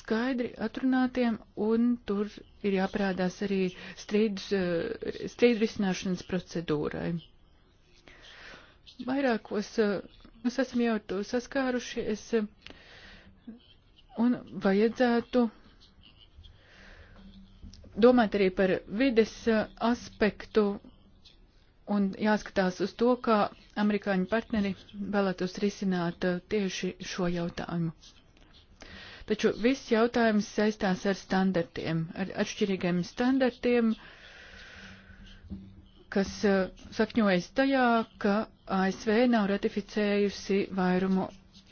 skaidri atrunātiem, un tur ir jāprādās arī strīdus, uh, strīdu risināšanas procedūrai. Vairākos uh, mēs esam jau to saskārušies, un vajadzētu domāt arī par vides aspektu un jāskatās uz to, kā amerikāņu partneri vēlētos risināt uh, tieši šo jautājumu. Taču viss jautājums saistās ar standartiem, ar atšķirīgiem standartiem, kas uh, sakņojas tajā, ka ASV nav ratificējusi vairumu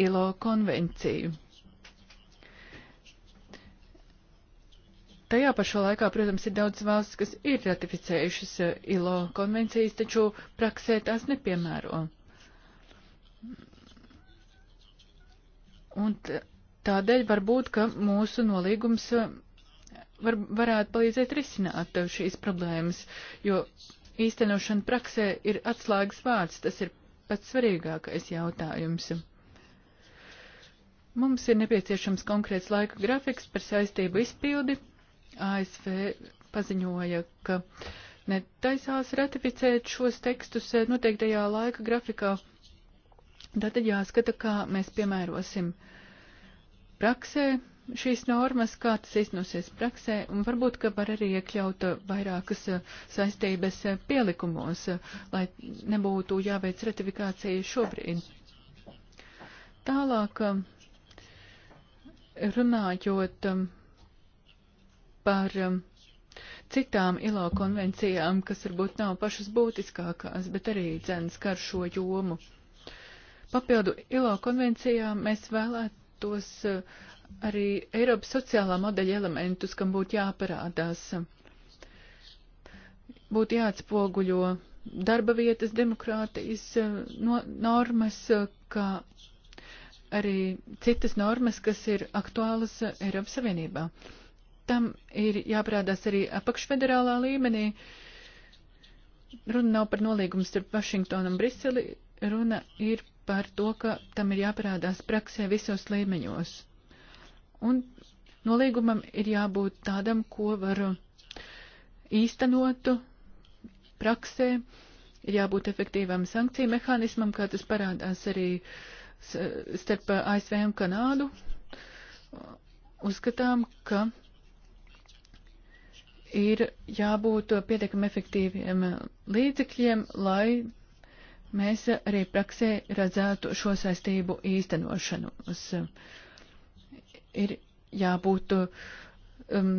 ILO konvenciju. Tajā pašā laikā, protams, ir daudz valsts, kas ir ratificējušas eh, ILO konvencijas, taču praksē tās nepiemēro. Un tādēļ varbūt, ka mūsu nolīgums eh, var, varētu palīdzēt risināt eh, šīs problēmas, jo īstenošana praksē ir atslēgas vārds, tas ir pats svarīgākais jautājums. Mums ir nepieciešams konkrēts laika grafiks par saistību izpildi ASV paziņoja, ka netaisās ratificēt šos tekstus eh, noteiktajā laika grafikā. Tātad jāskata, kā mēs piemērosim praksē šīs normas, kā tas iznosies praksē, un varbūt, ka var arī iekļaut vairākas eh, saistības eh, pielikumos, lai nebūtu jāveic ratifikācija šobrīd. Tālāk, runājot par um, citām ILO konvencijām, kas varbūt nav pašas būtiskākās, bet arī dzēns kar šo jomu. Papildu ILO konvencijām mēs vēlētos uh, arī Eiropas sociālā modeļa elementus, kam būtu jāparādās. Būtu jāatspoguļo darba vietas demokrātijas uh, no, normas, uh, kā arī citas normas, kas ir aktuālas Eiropas Savienībā. Uh, tam ir jāprādās arī apakšfederālā līmenī. Runa nav par nolīgumu starp Vašingtonu un Briseli, runa ir par to, ka tam ir jāparādās praksē visos līmeņos. Un nolīgumam ir jābūt tādam, ko var īstenotu praksē, ir jābūt efektīvam sankciju mehānismam, kā tas parādās arī starp ASV un Kanādu. Uzskatām, ka ir jābūt pietiekami efektīviem līdzekļiem, lai mēs arī praksē redzētu šo saistību īstenošanos. Ir jābūt um,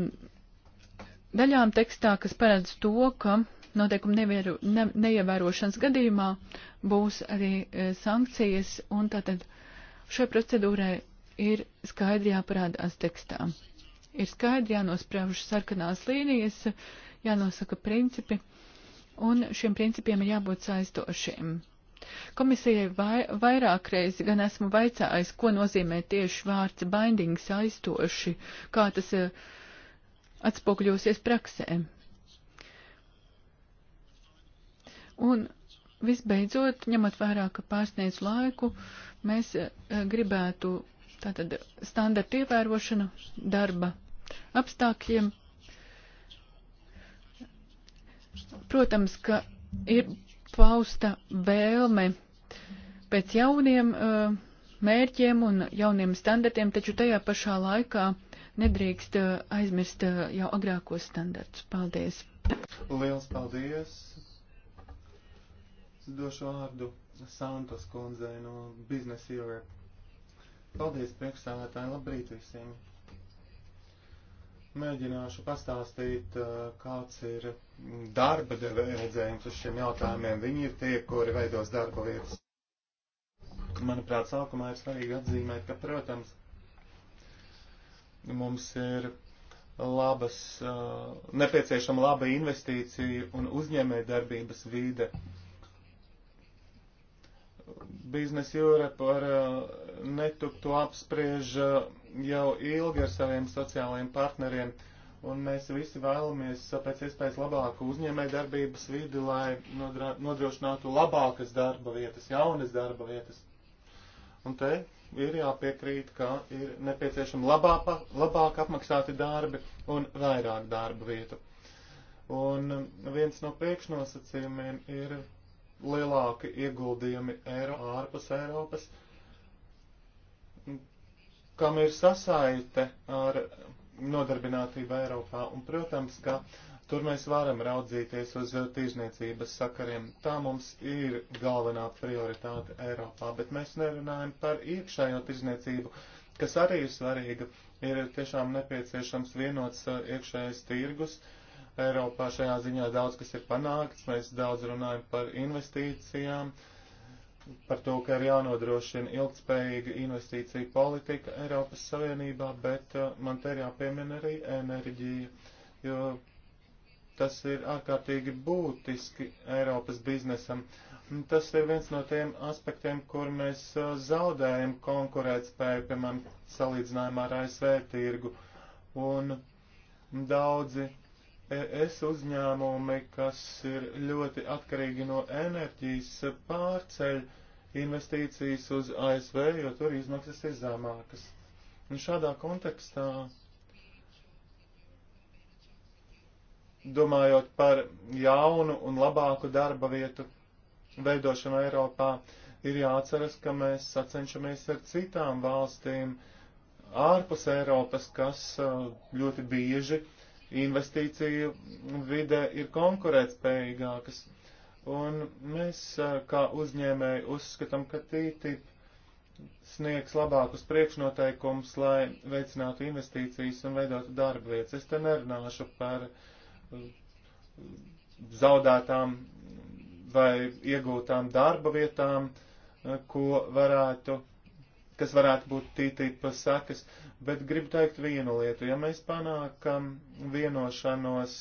daļām tekstā, kas paredz to, ka noteikumu nevieru, ne, neievērošanas gadījumā būs arī e, sankcijas, un tātad šai procedūrai ir skaidri jāparādās tekstā ir skaidri jānosprauž sarkanās līnijas, jānosaka principi, un šiem principiem ir jābūt saistošiem. Komisijai vai, vairāk reizi gan esmu vaicājis, ko nozīmē tieši vārds binding saistoši, kā tas eh, atspokļosies praksē. Un visbeidzot, ņemot vērā, ka pārsniedz laiku, mēs eh, gribētu tātad standarta ievērošanu darba apstākļiem. Protams, ka ir pausta vēlme pēc jauniem uh, mērķiem un jauniem standartiem, taču tajā pašā laikā nedrīkst uh, aizmirst uh, jau agrākos standartus. Paldies! Liels paldies! Došu vārdu Santos kundzei no Business Europe. Paldies priekšsādātāji, labrīt visiem! Mēģināšu pastāstīt, eh, kāds ir darba redzējums uz šiem jautājumiem. Viņi ir tie, kuri veidos darba vietas. Manuprāt, sākumā ir svarīgi atzīmēt, ka, protams, mums ir labas, eh, nepieciešama laba investīcija un uzņēmē darbības vīde. Biznes Europe eh, ar netuktu apspriež jau ilgi ar saviem sociālajiem partneriem, un mēs visi vēlamies pēc iespējas labāku uzņēmēju darbības vidi, lai nodrošinātu labākas darba vietas, jaunas darba vietas. Un te ir jāpiekrīt, ka ir nepieciešama labāk, labāk apmaksāti darbi un vairāk darba vietu. Un viens no priekšnosacījumiem ir lielāki ieguldījumi eiro ārpus Eiropas. Eiropas kam ir sasaite ar nodarbinātību Eiropā. Un, protams, ka tur mēs varam raudzīties uz tīrzniecības sakariem. Tā mums ir galvenā prioritāte Eiropā, bet mēs nerunājam par iekšējo tīrzniecību, kas arī ir svarīga. Ir tiešām nepieciešams vienots uh, iekšējais tirgus. Eiropā šajā ziņā daudz kas ir panākts, mēs daudz runājam par investīcijām. Uh, par to, ka ir jānodrošina ilgspējīga investīcija politika Eiropas Savienībā, bet uh, man te ir jāpiemina arī enerģija, jo tas ir ārkārtīgi būtiski Eiropas biznesam. Tas ir viens no tiem aspektiem, kur mēs uh, zaudējam konkurētspēju, piemēram, salīdzinājumā ar ASV tirgu. Un daudzi ES uzņēmumi, kas ir ļoti atkarīgi no enerģijas, pārceļ investīcijas uz ASV, jo tur izmaksas ir zemākas. Un šādā kontekstā, domājot par jaunu un labāku darba vietu veidošanu Eiropā, ir jāatceras, ka mēs sacenšamies ar citām valstīm ārpus Eiropas, kas uh, ļoti bieži uh, investīciju vide ir konkurētspējīgākas. Un mēs kā uzņēmēji uzskatām, ka TTIP sniegs labākus priekšnoteikumus, lai veicinātu investīcijas un veidotu darba vietas. Es te nerunāšu par zaudētām vai iegūtām darba vietām, ko varētu, kas varētu būt TTIP sakas, Bet gribu teikt vienu lietu. Ja mēs panākam vienošanos,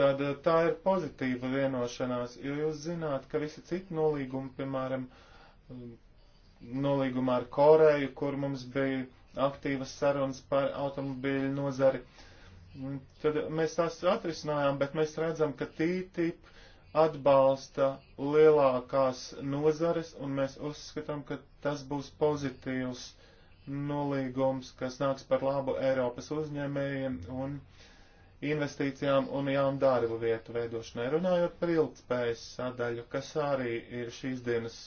tad tā ir pozitīva vienošanās, jo jūs zināt, ka visi citi nolīgumi, piemēram, nolīgumā ar Koreju, kur mums bija aktīvas sarunas par automobīļu nozari, tad mēs tās atrisinājām, bet mēs redzam, ka TTIP atbalsta lielākās nozares, un mēs uzskatām, ka tas būs pozitīvs nolīgums, kas nāks par labu Eiropas uzņēmējiem un investīcijām un jaunu darbu vietu veidošanai. Runājot par ilgspējas sadaļu, kas arī ir šīs dienas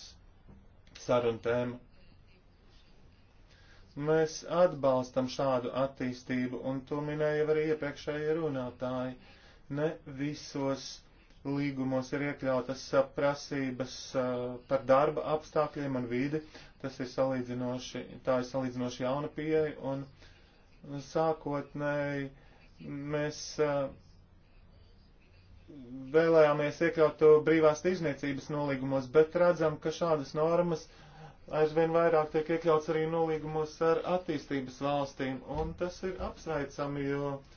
saruna tēma. Mēs atbalstam šādu attīstību, un to minēja arī iepriekšēji runātāji. Ne visos līgumos ir iekļautas prasības par darba apstākļiem un vidi. Tas ir salīdzinoši, tā ir salīdzinoši jauna pieeja un sākotnēji mēs vēlējāmies iekļaut to brīvās tirzniecības nolīgumos, bet redzam, ka šādas normas aizvien vairāk tiek iekļauts arī nolīgumos ar attīstības valstīm, un tas ir apsveicami, jo uh,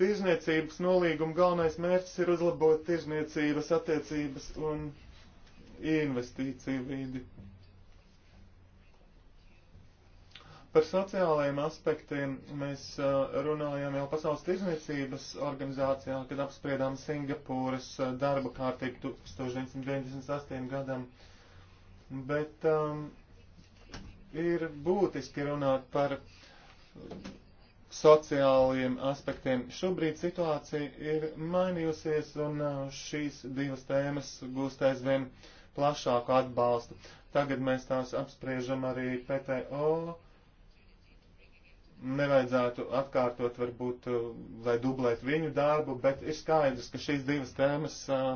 Tirzniecības nolīguma galvenais mērķis ir uzlabot tirzniecības attiecības un investīciju vidi. Par sociālajiem aspektiem mēs runājām jau Pasaules tirzniecības organizācijā, kad apspriedām Singapūras darba kārtību 1998. gadam. Bet um, ir būtiski runāt par sociālajiem aspektiem. Šobrīd situācija ir mainījusies un uh, šīs divas tēmas gūst aizvien plašāku atbalstu. Tagad mēs tās apspriežam arī PTO. Nevajadzētu atkārtot varbūt uh, vai dublēt viņu darbu, bet ir skaidrs, ka šīs divas tēmas uh,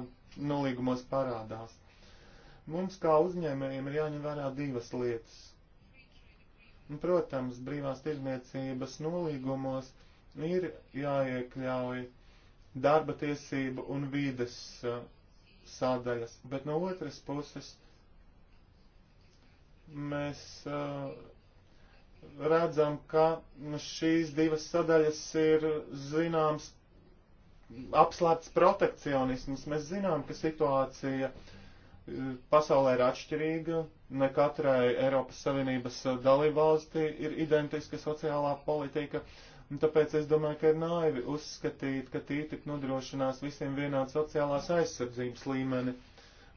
nolīgumos parādās. Mums kā uzņēmējiem ir jāņem vērā divas lietas Protams, brīvās tirdzniecības nolīgumos ir jāiekļauj darba tiesību un vīdes uh, sādaļas, bet no otras puses mēs uh, redzam, ka šīs divas sadaļas ir zināms apslēpts protekcionisms. Mēs zinām, ka situācija eh, pasaulē ir atšķirīga, ne katrai Eiropas Savienības eh, dalībvalstī ir identiska sociālā politika, un tāpēc es domāju, ka ir naivi uzskatīt, ka TTIP nodrošinās visiem vienādu sociālās aizsardzības līmeni.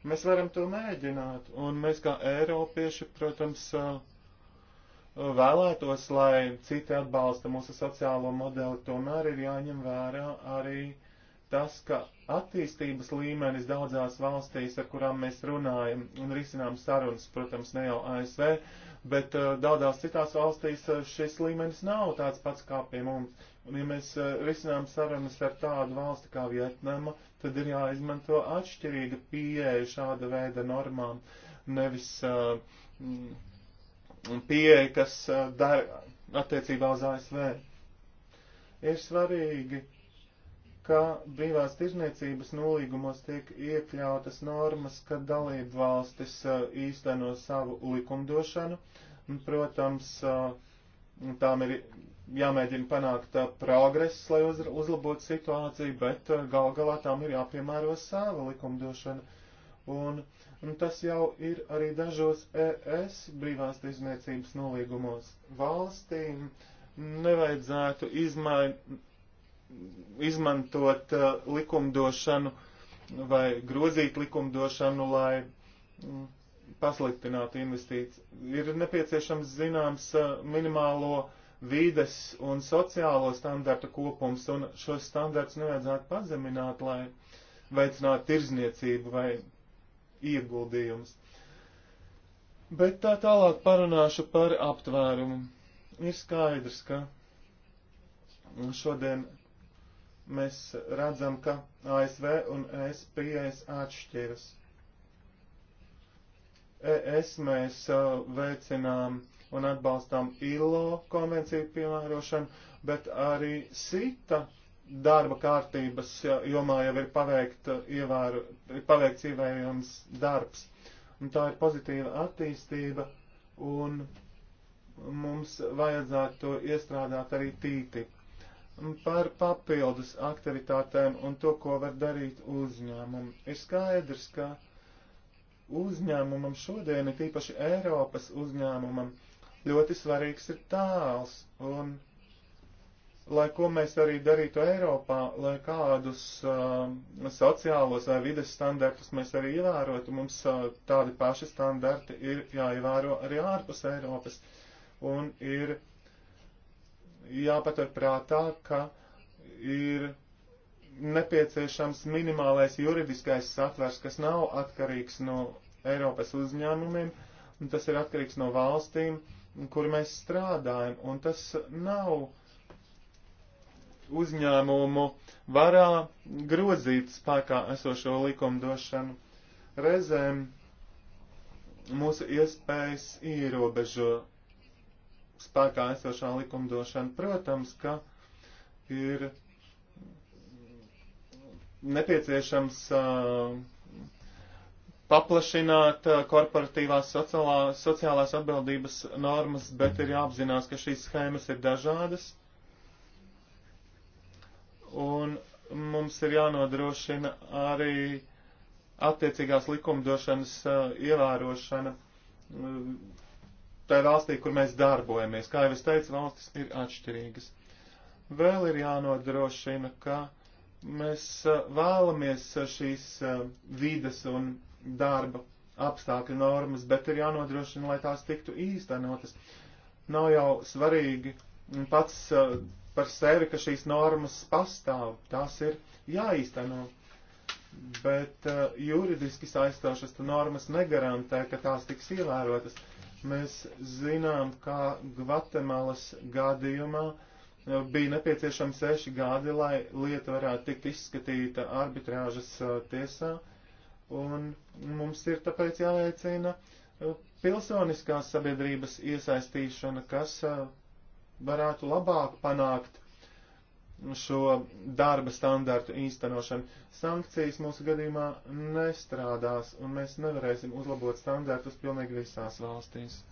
Mēs varam to mēģināt, un mēs kā Eiropieši, protams, eh, vēlētos, lai citi atbalsta mūsu sociālo modeli, tomēr ir jāņem vērā arī tas, ka attīstības līmenis daudzās valstīs, ar kurām mēs runājam un risinām sarunas, protams, ne jau ASV, bet uh, daudzās citās valstīs uh, šis līmenis nav tāds pats kā pie mums. Un ja mēs uh, risinām sarunas ar tādu valsti kā Vietnama, tad ir jāizmanto atšķirīga pieeja šāda veida normām, nevis uh, mm, pieeja, kas uh, dara attiecībā uz ASV. Ir svarīgi ka brīvās tirzniecības nolīgumos tiek iekļautas normas, ka dalību valstis uh, īsteno savu likumdošanu. Protams, uh, tām ir jāmēģina panākt uh, progress, lai uzlabotu situāciju, bet gal galā tām ir jāpiemēro sava likumdošana. Un, un tas jau ir arī dažos ES brīvās tirzniecības nolīgumos. Valstīm nevajadzētu izmainīt izmantot uh, likumdošanu vai grozīt likumdošanu, lai mm, pasliktinātu investīcijas. Ir nepieciešams zināms uh, minimālo vīdes un sociālo standartu kopums, un šos standartus nevajadzētu pazemināt, lai veicinātu tirzniecību vai ieguldījumus. Bet tā tālāk parunāšu par aptvērumu. Ir skaidrs, ka šodien mēs redzam, ka ASV un ES pieejas atšķiras. ES mēs uh, veicinām un atbalstām ILO konvenciju piemērošanu, bet arī SITA darba kārtības jomā jau ir, paveikt, uh, ievēru, ir paveikts ievērojams darbs. Un tā ir pozitīva attīstība, un mums vajadzētu to iestrādāt arī tītip par papildus aktivitātēm un to, ko var darīt uzņēmumi. Ir skaidrs, ka uzņēmumam šodien, ir tīpaši Eiropas uzņēmumam, ļoti svarīgs ir tāls, un lai ko mēs arī darītu Eiropā, lai kādus uh, sociālos vai vides standartus mēs arī ievērotu, mums uh, tādi paši standarti ir jāievēro arī ārpus Eiropas, un ir jāpatur prātā, ka ir nepieciešams minimālais juridiskais satvers, kas nav atkarīgs no Eiropas uzņēmumiem, un tas ir atkarīgs no valstīm, kur mēs strādājam, un tas nav uzņēmumu varā grozīt spēkā esošo likumdošanu. Reizēm mūsu iespējas ierobežo spēkā esošā likumdošana. Protams, ka ir nepieciešams paplašināt korporatīvās sociālā, sociālās atbildības normas, bet ir jāapzinās, ka šīs schēmas ir dažādas. Un mums ir jānodrošina arī attiecīgās likumdošanas ievērošana tajā valstī, kur mēs darbojamies. Kā jau es teicu, valstis ir atšķirīgas. Vēl ir jānodrošina, ka mēs eh, vēlamies šīs eh, vides un darba apstākļu normas, bet ir jānodrošina, lai tās tiktu īstenotas. Nav jau svarīgi pats eh, par sevi, ka šīs normas pastāv, tās ir jāīsteno. Bet uh, juridiski saistošas normas negarantē, ka tās tiks ievērotas. Uh, Mēs zinām, ka Gvatemalas gadījumā e, bija nepieciešami seši gadi, lai lieta varētu tikt izskatīta arbitrāžas e, tiesā, un mums ir tāpēc jāveicina e, pilsoniskās sabiedrības iesaistīšana, kas varētu labāk panākt šo darba standartu īstenošanu. Sankcijas mūsu gadījumā nestrādās, un mēs nevarēsim uzlabot standartus pilnīgi visās valstīs.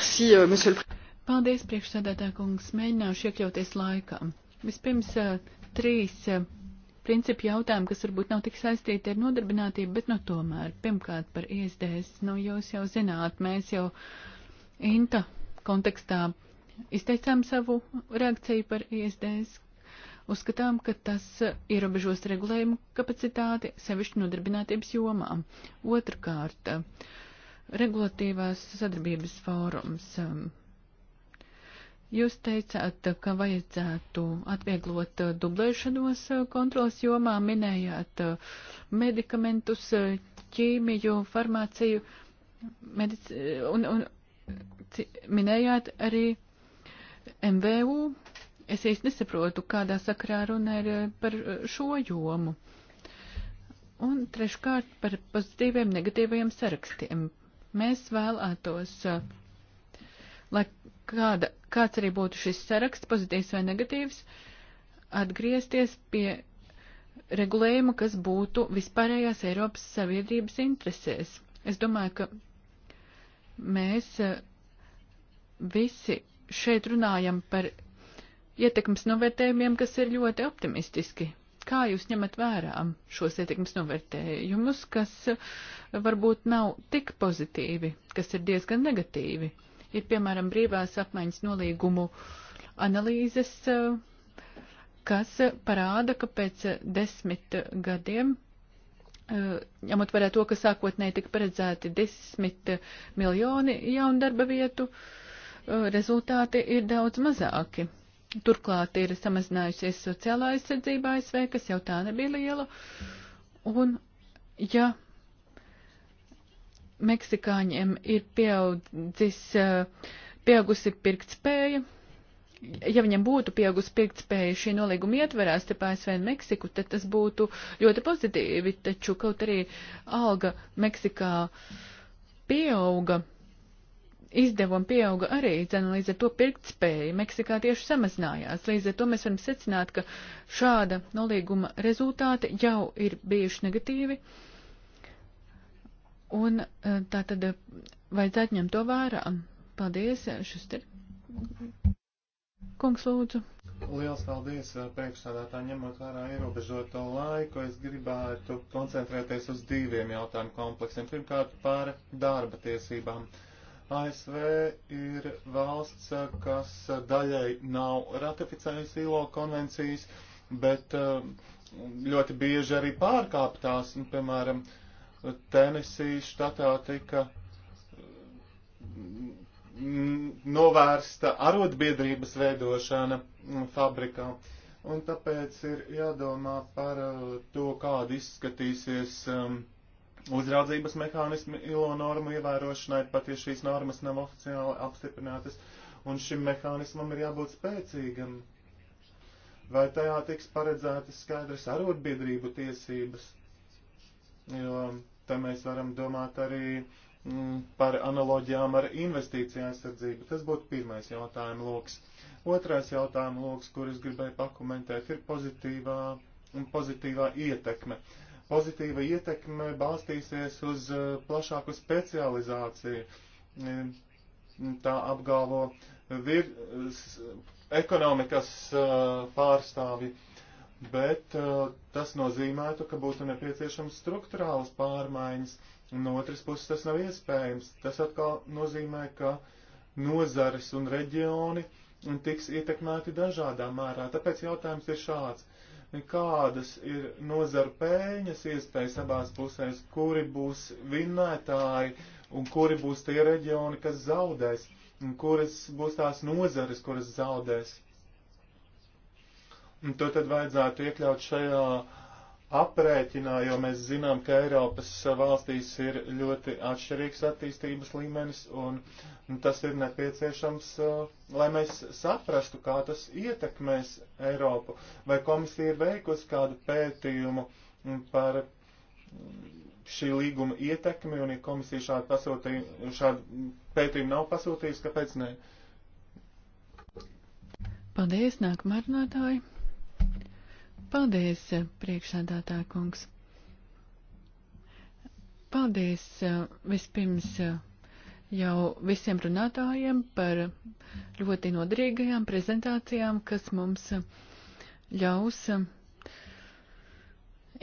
Merci, euh, monsieur le président. Paldies, priekšsēdētā kungs. Mēģināšu iekļauties laikā. Vispirms trīs principu jautājumi, kas varbūt nav tik saistīti ar nodarbinātību, bet nu no tomēr, pirmkārt par ISDS, nu jūs jau zināt, mēs jau INTA kontekstā izteicām savu reakciju par ISDS. Uzskatām, ka tas ierobežos regulējumu kapacitāti sevišķi nodarbinātības jomā. Otrakārt, uh, regulatīvās sadarbības fórums. Um, jūs teicāt, ka vajadzētu atvieglot uh, dublēšanos uh, kontrolas jomā, minējāt uh, medikamentus, ķīmiju, farmāciju, medic un, un minējāt arī MVU. Es īsti nesaprotu, kādā sakrā runa ir par šo jomu. Un treškārt par pozitīviem, negatīviem sarakstiem Mēs vēlētos, eh, lai kāda, kāds arī būtu šis saraksts, pozitīvs vai negatīvs, atgriezties pie regulējuma, kas būtu vispārējās Eiropas Savienības interesēs. Es domāju, ka mēs eh, visi šeit runājam par ietekmes novērtējumiem, kas ir ļoti optimistiski kā jūs ņemat vērā šos ietekmes novērtējumus, kas varbūt nav tik pozitīvi, kas ir diezgan negatīvi? Ir, piemēram, brīvās apmaiņas nolīgumu analīzes, kas parāda, ka pēc desmit gadiem ņemot vērā to, ka sākotnēji tika paredzēti 10 miljoni jaunu darba vietu, rezultāti ir daudz mazāki. Turklāt ir samazinājusies sociālā aizsardzība ASV, kas jau tā nebija liela. Un, ja meksikāņiem ir pieaudzis, pieaugusi pirktspēja, ja viņam būtu pieaugusi pirktspēja šī nolīguma ietverās te ASV un Meksiku, tad tas būtu ļoti pozitīvi, taču kaut arī alga Meksikā pieauga izdevumi pieauga arī, cena līdz ar to pirktspēja Meksikā tieši samazinājās. Līdz ar to mēs varam secināt, ka šāda nolīguma rezultāti jau ir bijuši negatīvi. Un eh, tā tad eh, vajadzētu ņemt to vērā. Paldies, eh, Šuster. Kungs, lūdzu. Liels paldies, priekšsādātā, ņemot vērā ierobežoto laiku. Es gribētu koncentrēties uz diviem jautājumu kompleksiem. Pirmkārt, par darba tiesībām. Uh, ASV ir valsts, kas daļai nav ratificējusi ILO konvencijas, bet uh, ļoti bieži arī pārkāptās. Un, nu, piemēram, Tenisijas štatā tika mm, novērsta arotbiedrības veidošana mm, fabrikā. Un tāpēc ir jādomā par uh, to, kāda izskatīsies um, uzraudzības mehānismi ILO normu ievērošanai, pat ja šīs normas nav oficiāli apstiprinātas, un šim mehānismam ir jābūt spēcīgam. Vai tajā tiks paredzētas skaidras arotbiedrību tiesības? Jo te mēs varam domāt arī m, mm, par analoģijām ar investīciju aizsardzību. Tas būtu pirmais jautājuma loks. Otrais jautājuma loks, kurus gribēju pakomentēt, ir pozitīvā, pozitīvā ietekme. Uh, pozitīva ietekme balstīsies uz eh, plašāku specializāciju. Eh, tā apgalvo vir, ekonomikas eh, pārstāvi, bet tas nozīmētu, ka būtu nepieciešams struktūrāls pārmaiņas. No otras puses tas nav iespējams. Tas atkal nozīmē, ka nozares un reģioni tiks ietekmēti dažādā mērā. Tāpēc jautājums ir šāds kādas ir nozara pēļņas iespējas abās pusēs, kuri būs vinnētāji un kuri būs tie reģioni, kas zaudēs, un kuras būs tās nozares, kuras zaudēs. Un to tad vajadzētu iekļaut šajā uh, aprēķinā, jo mēs zinām, ka Eiropas valstīs ir ļoti atšķirīgs attīstības līmenis, un tas ir nepieciešams, uh, lai mēs saprastu, kā tas ietekmēs Eiropu. Vai komisija ir veikusi kādu pētījumu par šī līguma ietekmi, un ja komisija šādu, pasūtīju, šādu pētījumu nav pasūtījusi, kāpēc nē? Paldies, nākamā runātāja. Paldies, priekšsādātā kungs. Paldies vispirms jau visiem runātājiem par ļoti noderīgajām prezentācijām, kas mums ļaus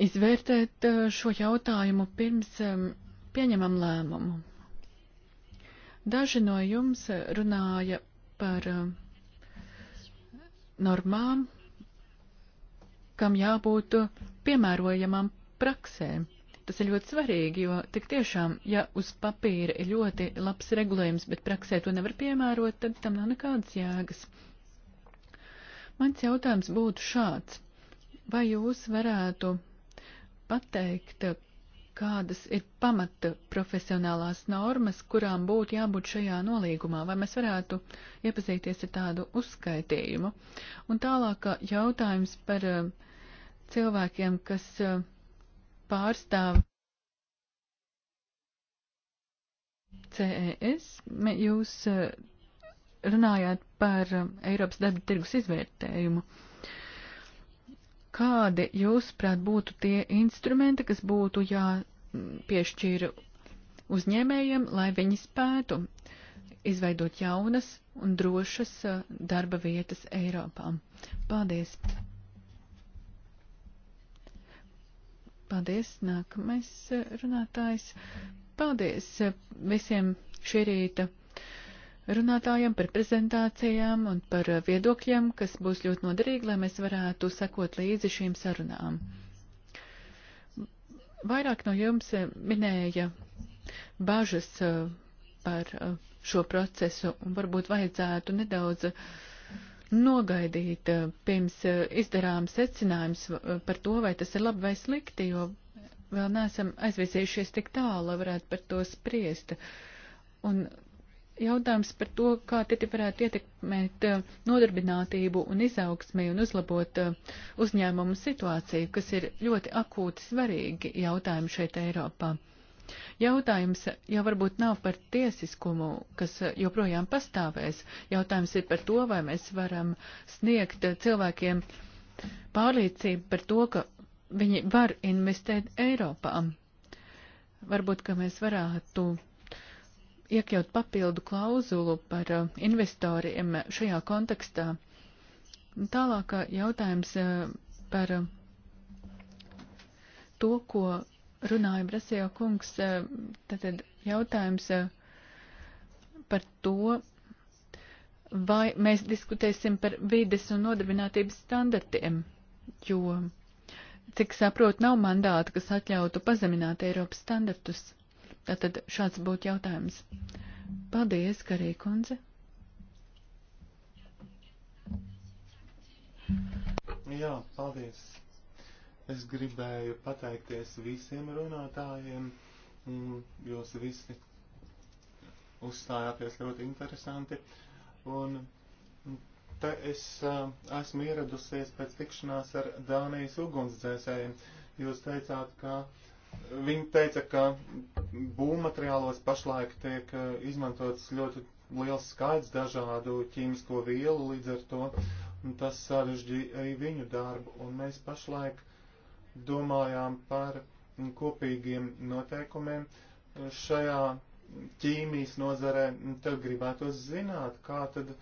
izvērtēt šo jautājumu pirms pieņemam lēmumu. Daži no jums runāja par normām kam jābūt piemērojamam praksēm. Tas ir ļoti svarīgi, jo tik tiešām, ja uz papīra ir ļoti labs regulējums, bet praksē to nevar piemērot, tad tam nav nekādas jēgas. Mans jautājums būtu šāds. Vai jūs varētu pateikt, kādas ir pamata profesionālās normas, kurām būtu jābūt šajā nolīgumā, vai mēs varētu iepazīties ar tādu uzskaitījumu? Un tālāk jautājums par uh, cilvēkiem, kas eh, pārstāv CES. Jūs eh, runājāt par eh, Eiropas darba tirgus izvērtējumu. Kādi, jūsuprāt, būtu tie instrumenti, kas būtu jāpiešķīra uzņēmējiem, lai viņi spētu izveidot jaunas un drošas darba vietas Eiropā? Paldies! Paldies, nākamais eh, runātājs. Paldies eh, visiem šī rīta runātājiem par prezentācijām un par eh, viedokļiem, kas būs ļoti noderīgi, lai mēs varētu sekot līdzi šīm sarunām. Vairāk no jums minēja bažas par šo procesu un varbūt vajadzētu nedaudz uh, nogaidīt eh, pirms eh, izdarām secinājums eh, par to, vai tas ir labi vai slikti, jo vēl neesam aizviesījušies tik tālu, lai varētu par to spriest. Un jautājums par to, kā TTIP varētu ietekmēt nodarbinātību un izaugsmī un uzlabot uzņēmumu situāciju, kas ir ļoti akūti svarīgi jautājumi šeit Eiropā. Jautājums jau varbūt nav par tiesiskumu, kas joprojām pastāvēs. Jautājums ir par to, vai mēs varam sniegt cilvēkiem pārliecību par to, ka viņi var investēt Eiropā. Varbūt, ka mēs varētu iekļaut papildu klauzulu par uh, investoriem šajā kontekstā. Tālāk jautājums uh, par uh, to, ko runāja Brasējo kungs, tātad eh, jautājums eh, par to, vai mēs diskutēsim par vides un nodarbinātības standartiem, jo, cik saprot, nav mandāta, kas atļautu pazemināt Eiropas standartus. Tātad šāds būtu jautājums. Paldies, Karī kundze. Jā, paldies. Es gribēju pateikties visiem runātājiem. Jūs visi uzstājāties ļoti interesanti. Un te es esmu ieradusies pēc tikšanās ar Dānijas ugunsdzēsējiem. Jūs teicāt, ka viņi teica, ka būvmateriālos pašlaik tiek izmantots ļoti liels skaits dažādu ķīmisko vielu līdz ar to. Tas sarežģīja viņu darbu, un mēs pašlaik uh, domājām par kopīgiem noteikumiem šajā ķīmijas nozarē, tad gribētos zināt, kā tad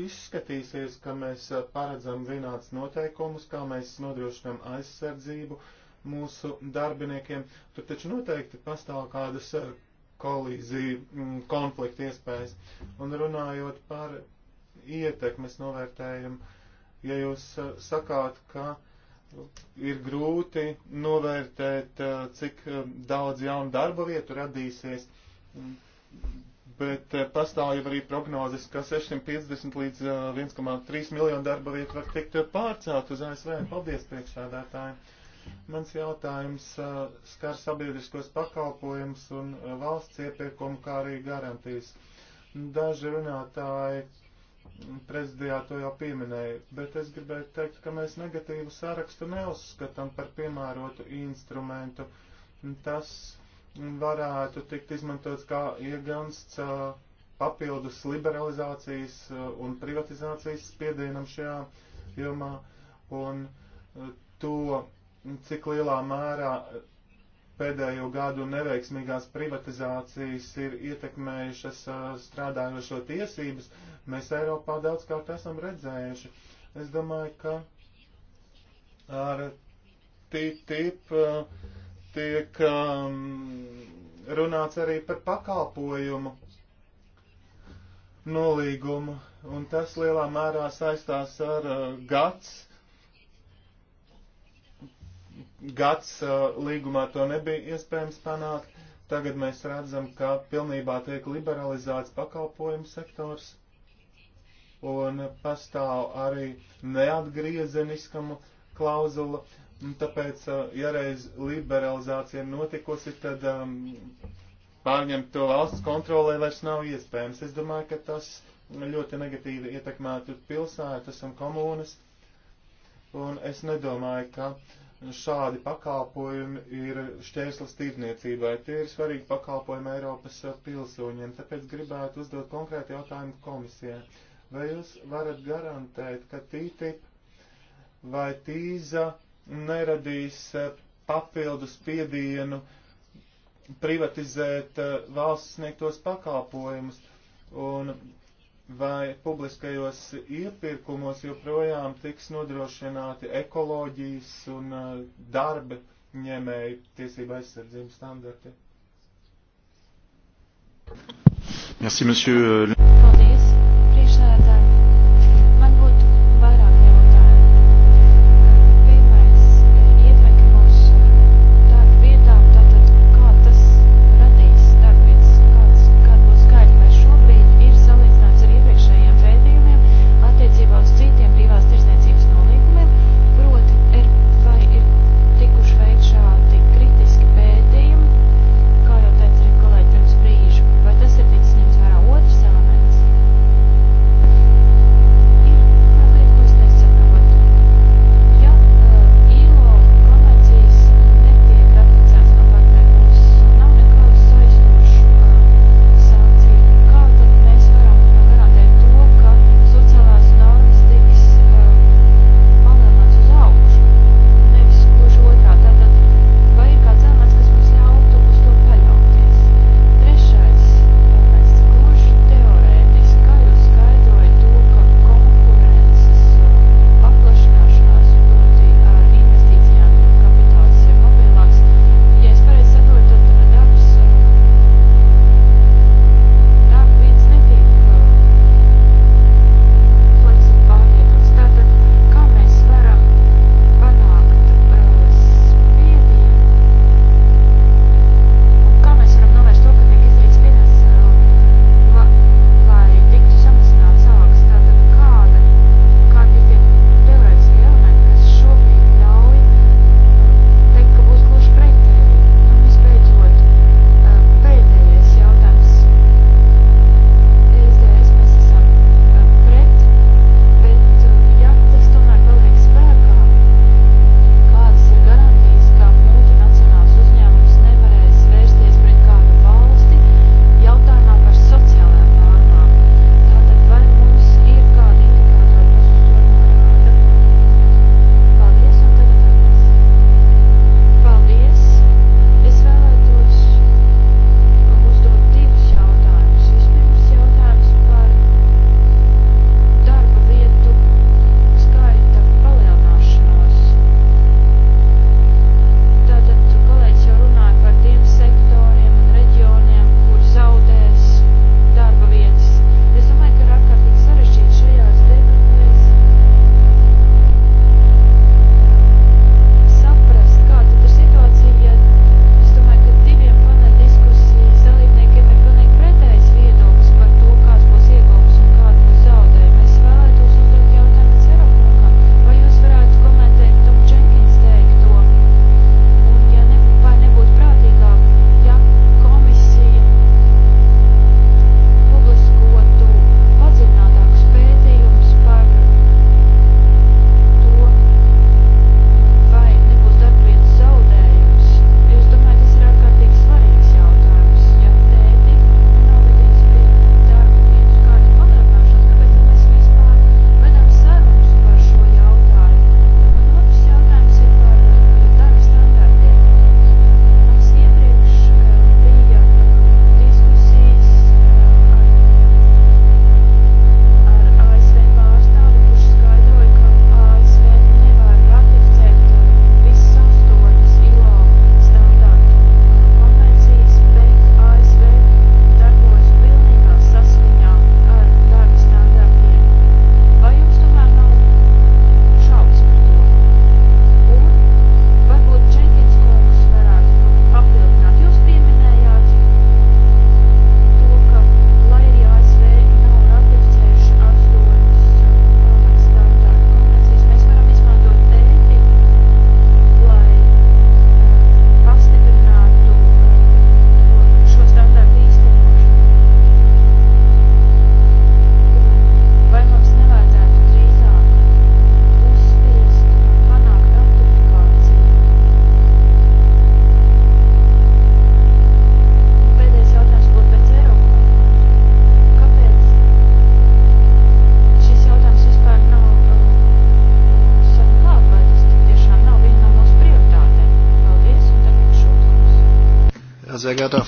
izskatīsies, ka mēs paredzam vienāds noteikumus, kā mēs nodrošinām aizsardzību mūsu darbiniekiem. Tur taču noteikti pastāv kādas kolīzija, mm, konflikta iespējas. Un runājot par ietekmes novērtējumu, ja jūs sakāt, ka uh, ir grūti novērtēt, eh, cik eh, daudz jaunu darba vietu radīsies, bet eh, pastāv jau arī prognozes, ka 650 līdz 1,3 miljonu darba vietu var tikt pārcelt uz ASV. Paldies priekšsēdētājiem! Mans jautājums skar sabiedriskos pakalpojumus un valsts iepirkumu, kā arī garantijas. Daži runātāji prezidijā to jau pieminēja, bet es gribēju teikt, ka mēs negatīvu sarakstu neuzskatām par piemērotu instrumentu. Tas varētu tikt izmantots kā iegansts papildus liberalizācijas un privatizācijas spiedienam šajā jomā un to, cik lielā mērā pēdējo gadu neveiksmīgās privatizācijas ir ietekmējušas strādājošo tiesības, Mēs Eiropā daudzkārt esam redzējuši. Es domāju, ka ar TTIP eh, tiek um, runāts arī par pakalpojumu nolīgumu, un tas lielā mērā saistās ar uh, gads. Gads uh, līgumā to nebija iespējams panākt. Tagad mēs redzam, ka pilnībā tiek liberalizēts pakalpojumu sektors un pastāv arī neatgriezeniskama klauzula. Tāpēc, ja reiz liberalizācija ir notikusi, tad um, pārņemt to valsts kontrolē vairs nav iespējams. Es domāju, ka tas ļoti negatīvi ietekmētu pilsētas un komunas. Un es nedomāju, ka šādi pakalpojumi ir šķērslis tirdzniecībai. Tie ir svarīgi pakalpojumi Eiropas pilsoņiem. Tāpēc gribētu uzdot konkrēti jautājumu komisijai. Vai jūs varat garantēt, ka TTIP vai TIZA neradīs e, papildus piedienu privatizēt e, valsts sniegtos pakalpojumus? Un vai publiskajos iepirkumos joprojām tiks nodrošināti ekoloģijas un e, darba ņēmēju tiesība aizsardzības standarti. Merci, monsieur.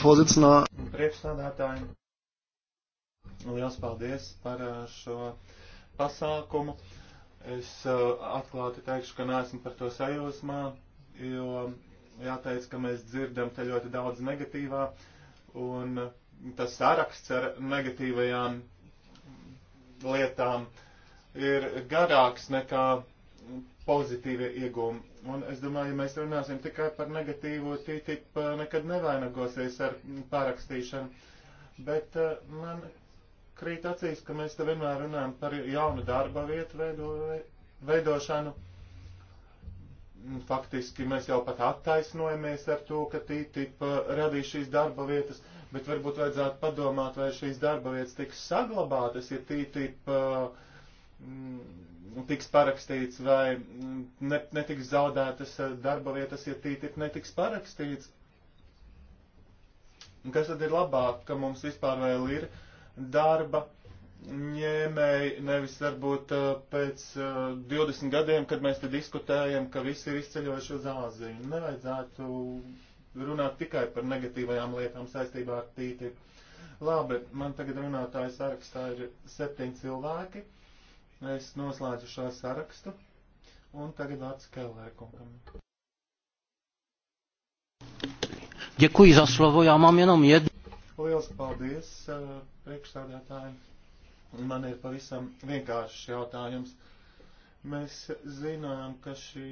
Vorsitzender. Priekšstādātājiem, liels paldies par uh, šo pasākumu. Es uh, atklāti teikšu, ka neesmu par to sajūsmā, jo jāteic, ka mēs dzirdam te ļoti daudz negatīvā, un uh, tas saraksts ar negatīvajām lietām ir garāks nekā pozitīvie iegūmi. Un es domāju, ja mēs runāsim tikai par negatīvo TTIP, nekad nevainagosies ar pārakstīšanu. Bet eh, man krīt acīs, ka mēs te vienmēr runājam par jaunu darba vietu veido, veidošanu. Faktiski mēs jau pat attaisnojamies ar to, ka TTIP eh, radīs šīs darba vietas, bet varbūt vajadzētu padomāt, vai šīs darba vietas tiks saglabātas, ja TTIP. Uh, eh, Nu, tiks parakstīts vai mm, ne, netiks zaudētas eh, darba vietas, ja TTIP netiks parakstīts. Kas tad ir labāk, ka mums vispār vēl ir darba ņēmēji, nevis varbūt eh, pēc 20 eh, gadiem, kad mēs te diskutējam, ka visi ir izceļojuši uz Āziju. Nevajadzētu runāt tikai par negatīvajām lietām saistībā ar tīti. Labi, man tagad runātāju sarakstā ir septiņi cilvēki. Es noslēdzu šo sarakstu un tagad atskēlē kungam. Děkuji za slovo, já mám jenom jednu. Liels paldies, eh, priekšstādātāji. Man ir pavisam vienkāršs jautājums. Mēs zinām, ka šī,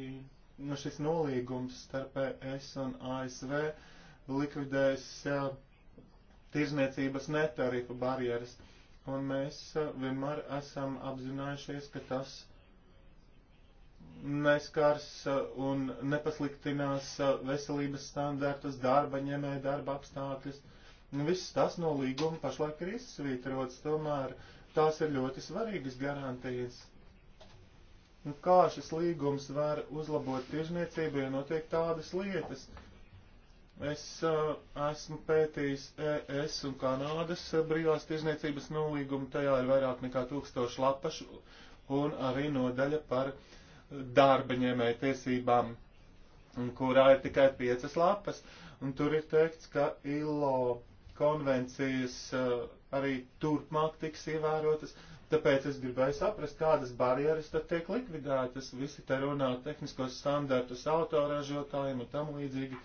nu šis nolīgums starp ES un ASV likvidēs eh, tirzniecības netarifu barjeras. Uh, un mēs vienmēr esam apzinājušies, ka tas neskars un nepasliktinās veselības standartus, darba ņemē, darba apstākļus. Viss tas no līguma pašlaik ir izsvītrots, tomēr tās ir ļoti svarīgas garantijas. Un kā šis līgums var uzlabot tirzniecību, ja notiek tādas lietas? Uh, Es uh, esmu pētījis ES un Kanādas uh, brīvās tirzniecības nolīgumu, tajā ir vairāk nekā tūkstoši lapašu un arī nodaļa par darba ņēmēju tiesībām, kurā ir tikai piecas lapas. Un tur ir teikts, ka ILO konvencijas uh, arī turpmāk tiks ievērotas, tāpēc es gribēju saprast, kādas barjeras tad tiek likvidētas. Visi te runā tehniskos standartus autoražotājiem un tam līdzīgi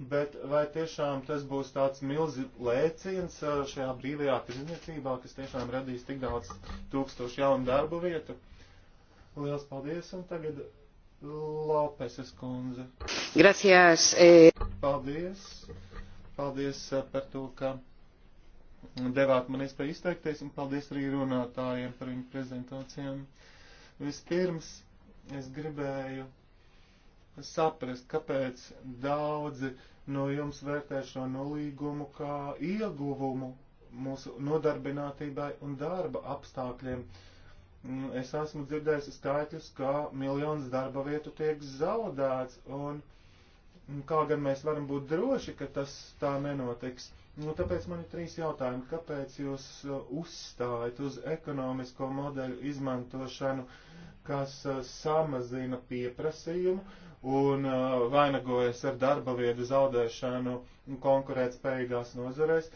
bet vai tiešām tas būs tāds milzi lēciens uh, šajā brīvajā tirdzniecībā, kas tiešām radīs tik daudz tūkstošu jaunu darbu vietu? Liels paldies, un tagad Lopesas kundze. Gracias. E... Paldies. Paldies uh, par to, ka devāt man iespēju izteikties, un paldies arī runātājiem par viņu prezentācijām. Vispirms es gribēju saprast, kāpēc daudzi no jums vērtē šo nolīgumu kā ieguvumu mūsu nodarbinātībai un darba apstākļiem. Mm, es esmu dzirdējis skaitļus, ka miljons darba vietu tiek zaudēts, un kā gan mēs varam būt droši, ka tas tā nenotiks. Nu, tāpēc man ir trīs jautājumi. Kāpēc jūs uh, uzstājat uz ekonomisko modeļu izmantošanu, kas uh, samazina pieprasījumu un uh, vainagojas ar darba vietu zaudēšanu konkurētspējīgās nozarēs.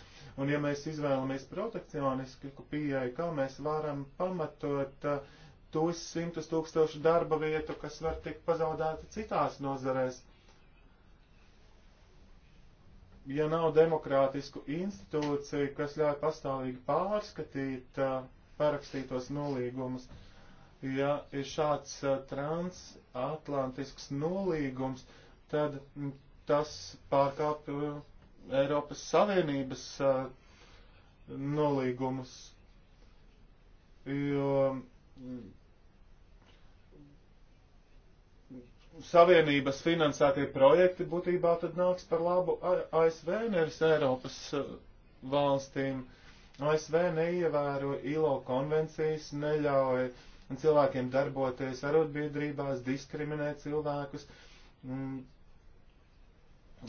Un ja mēs izvēlamies protekcionisku pieeju, kā mēs varam pamatot uh, tos simtus tūkstošu darba vietu, kas var tikt pazaudēti citās nozarēs? Ja nav demokrātisku institūciju, kas ļauj pastāvīgi pārskatīt uh, parakstītos nolīgumus, uh, Ja ir šāds eh, transatlantisks nolīgums, tad mm, tas pārkāp eh, Eiropas Savienības eh, nolīgumus, jo mm, Savienības finansētie projekti būtībā tad nāks par labu ASV, nevis Eiropas valstīm. ASV neievēro ILO konvencijas, neļauj uh, un cilvēkiem darboties arotbiedrībās, diskriminēt cilvēkus. Mm.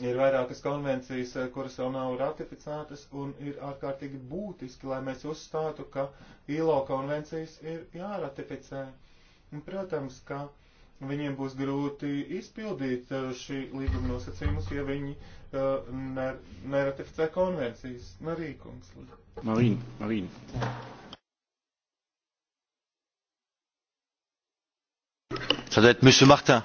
Ir vairākas konvencijas, eh, kuras vēl nav ratificētas, un ir ārkārtīgi būtiski, lai mēs uzstātu, ka ILO konvencijas ir jāratificē. Un, protams, ka viņiem būs grūti izpildīt eh, šī līguma nosacījumus, ja viņi uh, ner neratificē konvencijas. Marīkums. Marīna, Marīna. ça doit être m. martin.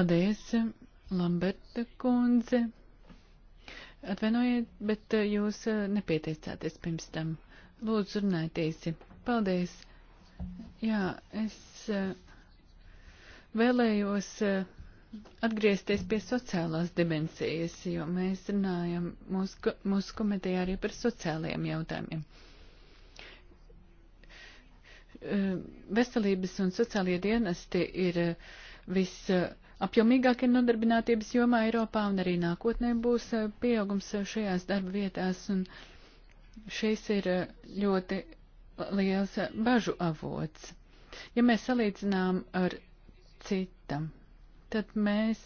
Paldies, Lamberta kundze. Atvainojiet, bet eh, jūs eh, nepieteicāties pirms tam. Lūdzu, runājiet īsi. Paldies. Jā, es eh, vēlējos atgriezties pie sociālās dimensijas, jo mēs runājam mūsu, mūsu komitejā arī par sociālajiem jautājumiem. Veselības un sociālie dienesti ir viss apjomīgāk ir nodarbinātības jomā Eiropā un arī nākotnē būs eh, pieaugums eh, šajās darba vietās. Un šis ir eh, ļoti liels bažu avots. Ja mēs salīdzinām ar citam, tad mēs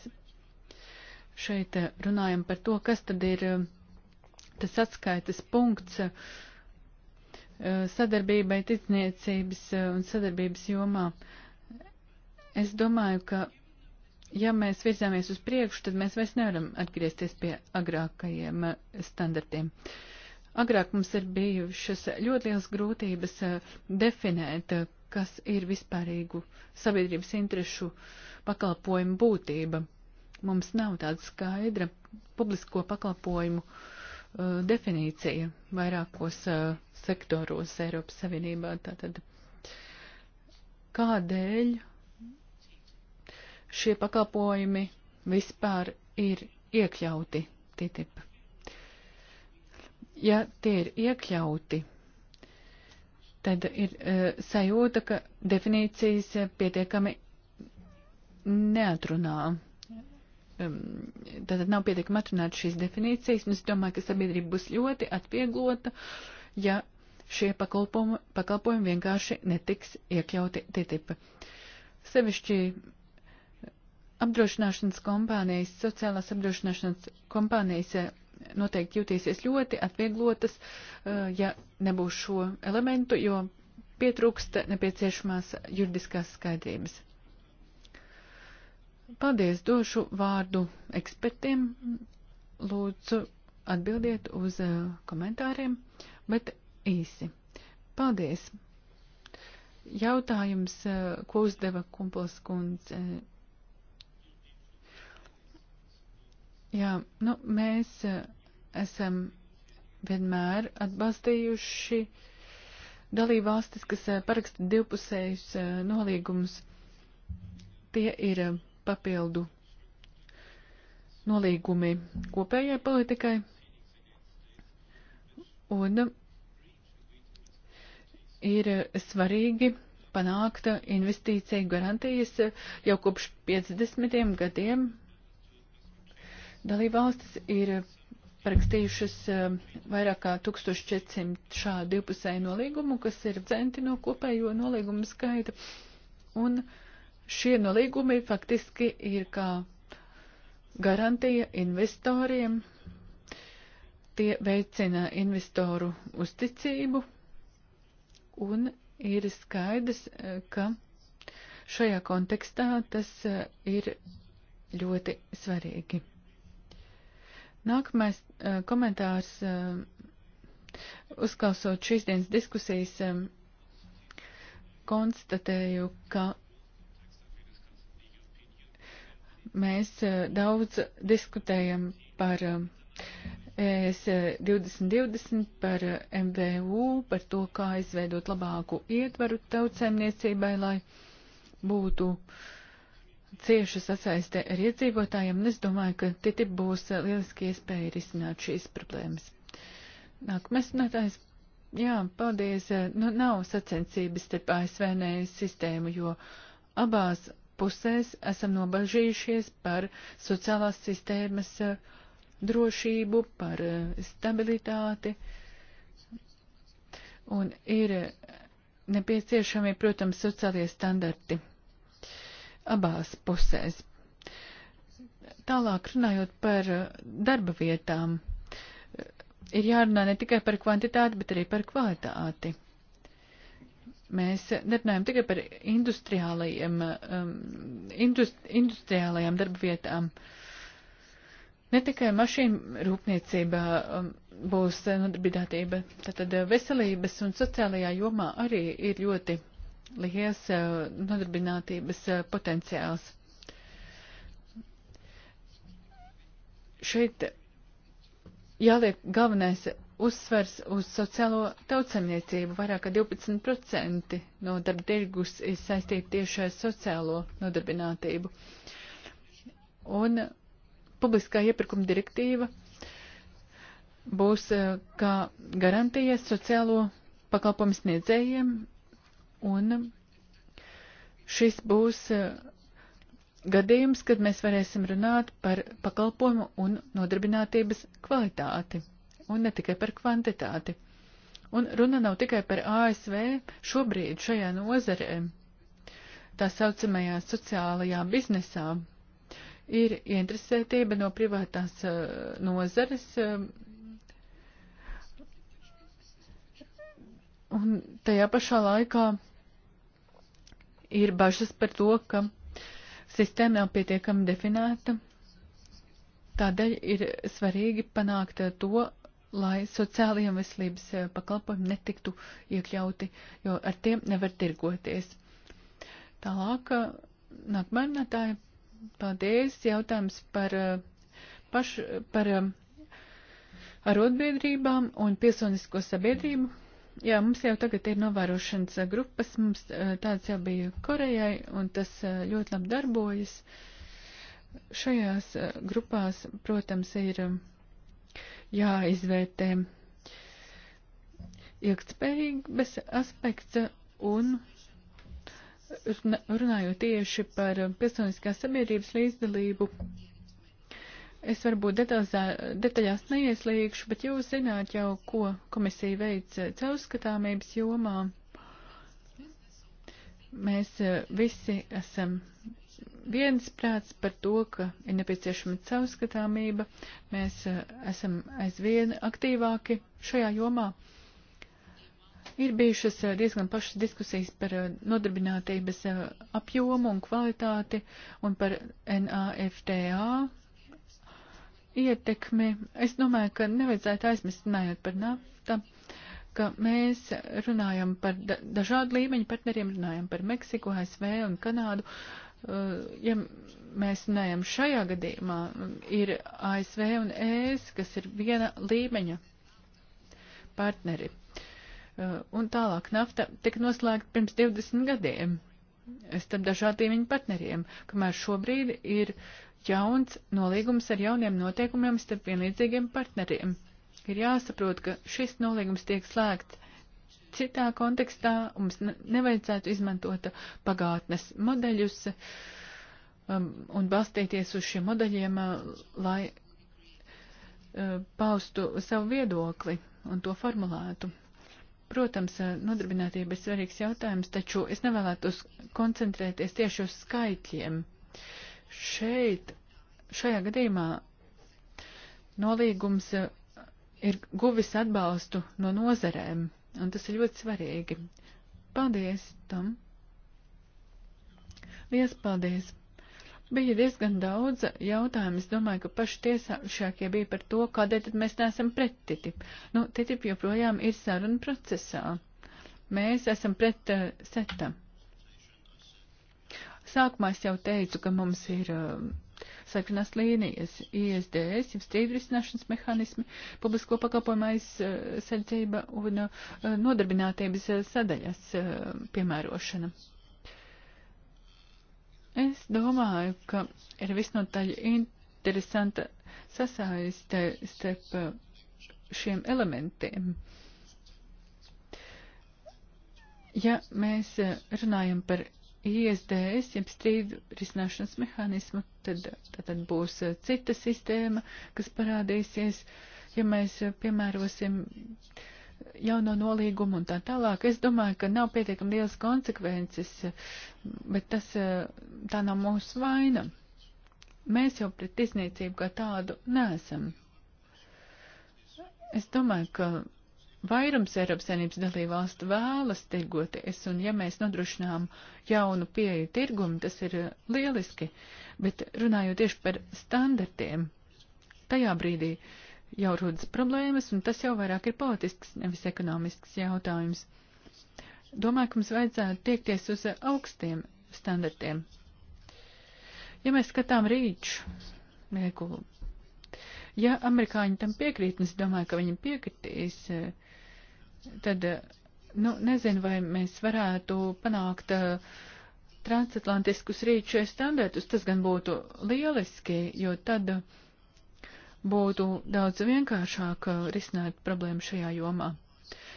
šeit runājam par to, kas tad ir tas atskaites punkts sadarbībai ticniecības un sadarbības jomā. Es domāju, ka ja mēs virzāmies uz priekšu, tad mēs vairs nevaram atgriezties pie agrākajiem eh, standartiem. Agrāk mums ir bijušas ļoti liels grūtības eh, definēt, eh, kas ir vispārīgu sabiedrības interešu pakalpojumu būtība. Mums nav tāda skaidra publisko pakalpojumu uh, definīcija vairākos uh, sektoros Eiropas Savienībā. Tātad, kādēļ šie pakalpojumi vispār ir iekļauti TTIP. Ja tie ir iekļauti, tad ir uh, sajūta, ka definīcijas pietiekami neatrunā. Um, tātad nav pietiekami atrunāt šīs definīcijas, un es domāju, ka sabiedrība būs ļoti atvieglota, ja šie pakalpojumi, pakalpojumi vienkārši netiks iekļauti TTIP. Sevišķi apdrošināšanas kompānijas, sociālās apdrošināšanas kompānijas noteikti jūtīsies ļoti atvieglotas, eh, ja nebūs šo elementu, jo pietrūksta nepieciešamās juridiskās skaidrības. Paldies, došu vārdu ekspertiem. Lūdzu, atbildiet uz eh, komentāriem, bet īsi. Paldies! Jautājums, eh, ko uzdeva Kumplas kundze Jā, nu, mēs e, esam vienmēr atbalstījuši dalībvalstis, kas e, paraksta divpusējus e, nolīgumus. Tie ir papildu nolīgumi kopējai politikai. Un ir svarīgi panākt investīciju garantijas jau kopš 50 gadiem Dalībvalstis ir parakstījušas eh, vairāk kā 1400 šādu divpusēju nolīgumu, kas ir centi no kopējo nolīgumu skaita. Un šie nolīgumi faktiski ir kā garantija investoriem. Tie veicina investoru uzticību un ir skaidrs, eh, ka šajā kontekstā tas eh, ir ļoti svarīgi. Nākamais uh, komentārs, uh, uzklausot šīs dienas diskusijas, um, konstatēju, ka mēs uh, daudz diskutējam par e ES 2020, par MVU, par to, kā izveidot labāku ietvaru tautsēmniecībai, lai būtu uh, cieša sasaiste ar iedzīvotājiem, un es domāju, ka TTIP būs eh, lieliski iespēja risināt šīs problēmas. Nākamais runātājs. Jā, paldies. Eh, nu, nav sacensības starp ASV un ES sistēmu, jo abās pusēs esam nobažījušies par sociālās sistēmas eh, drošību, par stabilitāti. Un ir nepieciešami, protams, sociālie standarti abās pusēs. Tālāk runājot par darba vietām, ir jārunā ne tikai par kvantitāti, bet arī par kvalitāti. Mēs nerunājam tikai par industriālajiem, um, indust, industriālajām darba vietām. Ne tikai mašīnu rūpniecībā um, būs nodarbinātība, tātad veselības un sociālajā jomā arī ir ļoti liels eh, nodarbinātības eh, potenciāls. Šeit jāliek galvenais uzsvers uz sociālo tautsamniecību. Vairāk kā 12% no darba tirgus ir saistīti tieši ar sociālo nodarbinātību. Un publiskā iepirkuma direktīva būs eh, kā garantija sociālo pakalpojumu sniedzējiem Un šis būs uh, gadījums, kad mēs varēsim runāt par pakalpojumu un nodarbinātības kvalitāti, un ne tikai par kvantitāti. Un runa nav tikai par ASV šobrīd šajā nozarē, tā saucamajā sociālajā biznesā. Ir interesētība no privātās uh, nozares, uh, un tajā pašā laikā ir bažas par to, ka sistēma nav pietiekami definēta. Tādēļ ir svarīgi panākt to, lai sociālajiem veselības eh, pakalpojumi netiktu iekļauti, jo ar tiem nevar tirgoties. Tālāk, eh, nākamā runātāja, paldies, jautājums par, eh, paš, par arotbiedrībām un pilsonisko sabiedrību, Jā, mums jau tagad ir novērošanas grupas, mums tāds jau bija Korejai, un tas ļoti labi darbojas. Šajās grupās, protams, ir jāizvērtē ilgtspējības aspekts un runājot tieši par pilsoniskās sabiedrības līdzdalību Es varbūt detalizā, detaļās neieslīgšu, bet jūs zināt jau, ko komisija veic caurskatāmības jomā. Mēs eh, visi esam viensprāts par to, ka ir nepieciešama caurskatāmība. Mēs eh, esam aizvien aktīvāki šajā jomā. Ir bijušas eh, diezgan pašas diskusijas par nodarbinātības apjomu un kvalitāti un par NAFTA ietekmi. Es domāju, ka nevajadzētu aizmirst runājot par naftu, ka mēs runājam par da dažādu līmeņu partneriem, runājam par Meksiku, ASV un Kanādu. Uh, ja mēs runājam šajā gadījumā, ir ASV un ES, kas ir viena līmeņa partneri. Uh, un tālāk nafta tika noslēgta pirms 20 gadiem starp dažādiem viņa partneriem, kamēr šobrīd ir uh, jauns nolīgums ar jauniem noteikumiem starp vienlīdzīgiem partneriem. Ir jāsaprot, ka šis nolīgums tiek slēgts citā kontekstā, mums nevajadzētu izmantot pagātnes modeļus um, un balstīties uz šiem modeļiem, uh, lai uh, paustu savu viedokli un to formulētu. Protams, uh, nodarbinātība ir svarīgs jautājums, taču es nevēlētos koncentrēties tieši uz skaitļiem. Uh, Šeit, šajā gadījumā, nolīgums eh, ir guvis atbalstu no nozerēm, un tas ir ļoti svarīgi. Paldies tam! Liels paldies! Bija diezgan daudz jautājumu. Es domāju, ka paši tiesāšākie bija par to, kādēļ tad mēs neesam pret TTIP. Nu, TTIP joprojām ir saruna procesā. Mēs esam pret uh, eh, setam. Sākumā es jau teicu, ka mums ir uh, sarkanās līnijas ISDS, jau strīdu risināšanas mehānismi, publisko pakalpojumu aizsardzība un uh, nodarbinātības eh, sadaļas uh, piemērošana. Es domāju, ka ir visnotaļ interesanta sasaiste starp šiem elementiem. Ja mēs runājam par ISDS, jeb strīdu risināšanas mehānismu, tad, tad būs eh, cita sistēma, kas parādīsies, ja mēs eh, piemērosim jauno nolīgumu un tā tālāk. Es domāju, ka nav pietiekami liels konsekvences, bet tas, eh, tā nav mūsu vaina. Mēs jau pret izniecību kā tādu nesam. Es domāju, ka Vairums Eiropas Savienības dalībvalstu vēlas tirgoties, un ja mēs nodrošinām jaunu pieeju tirgumu, tas ir lieliski, bet runājot tieši par standartiem, tajā brīdī jau rodas problēmas, un tas jau vairāk ir politisks, nevis ekonomisks jautājums. Domāju, ka mums vajadzētu tiekties uz augstiem standartiem. Ja mēs skatām rīču regulu, ja amerikāņi tam piekrīt, un es domāju, ka viņi piekritīs, eh, tad, eh, nu, nezinu, vai mēs varētu panākt uh, transatlantiskus rīču standartus, tas gan būtu lieliski, jo tad eh, būtu daudz vienkāršāk risināt problēmu šajā jomā.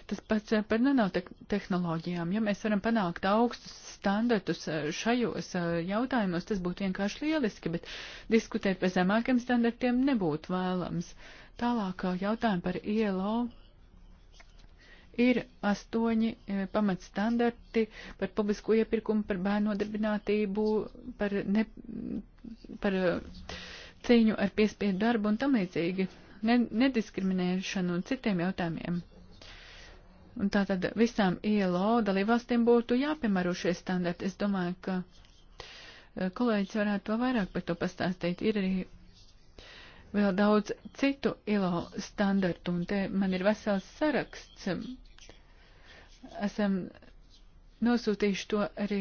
Tas pats par nanotehnoloģijām. Ja mēs varam panākt augstus standartus šajos jautājumos, tas būtu vienkārši lieliski, bet diskutēt par zemākiem standartiem nebūtu vēlams. Tālāk jautājumi par ILO ir astoņi e, pamatstandarti par publisko iepirkumu, par bērnu nodarbinātību, par, ne, par e, cīņu ar piespiedu darbu un tam līdzīgi, ne, nediskriminēšanu un citiem jautājumiem. Un tātad visām ILO dalībvalstīm būtu jāpiemēro šie standarti. Es domāju, ka e, kolēģis varētu to vairāk par to pastāstīt. Ir arī vēl daudz citu ILO standartu, un te man ir vesels saraksts esam nosūtījuši to arī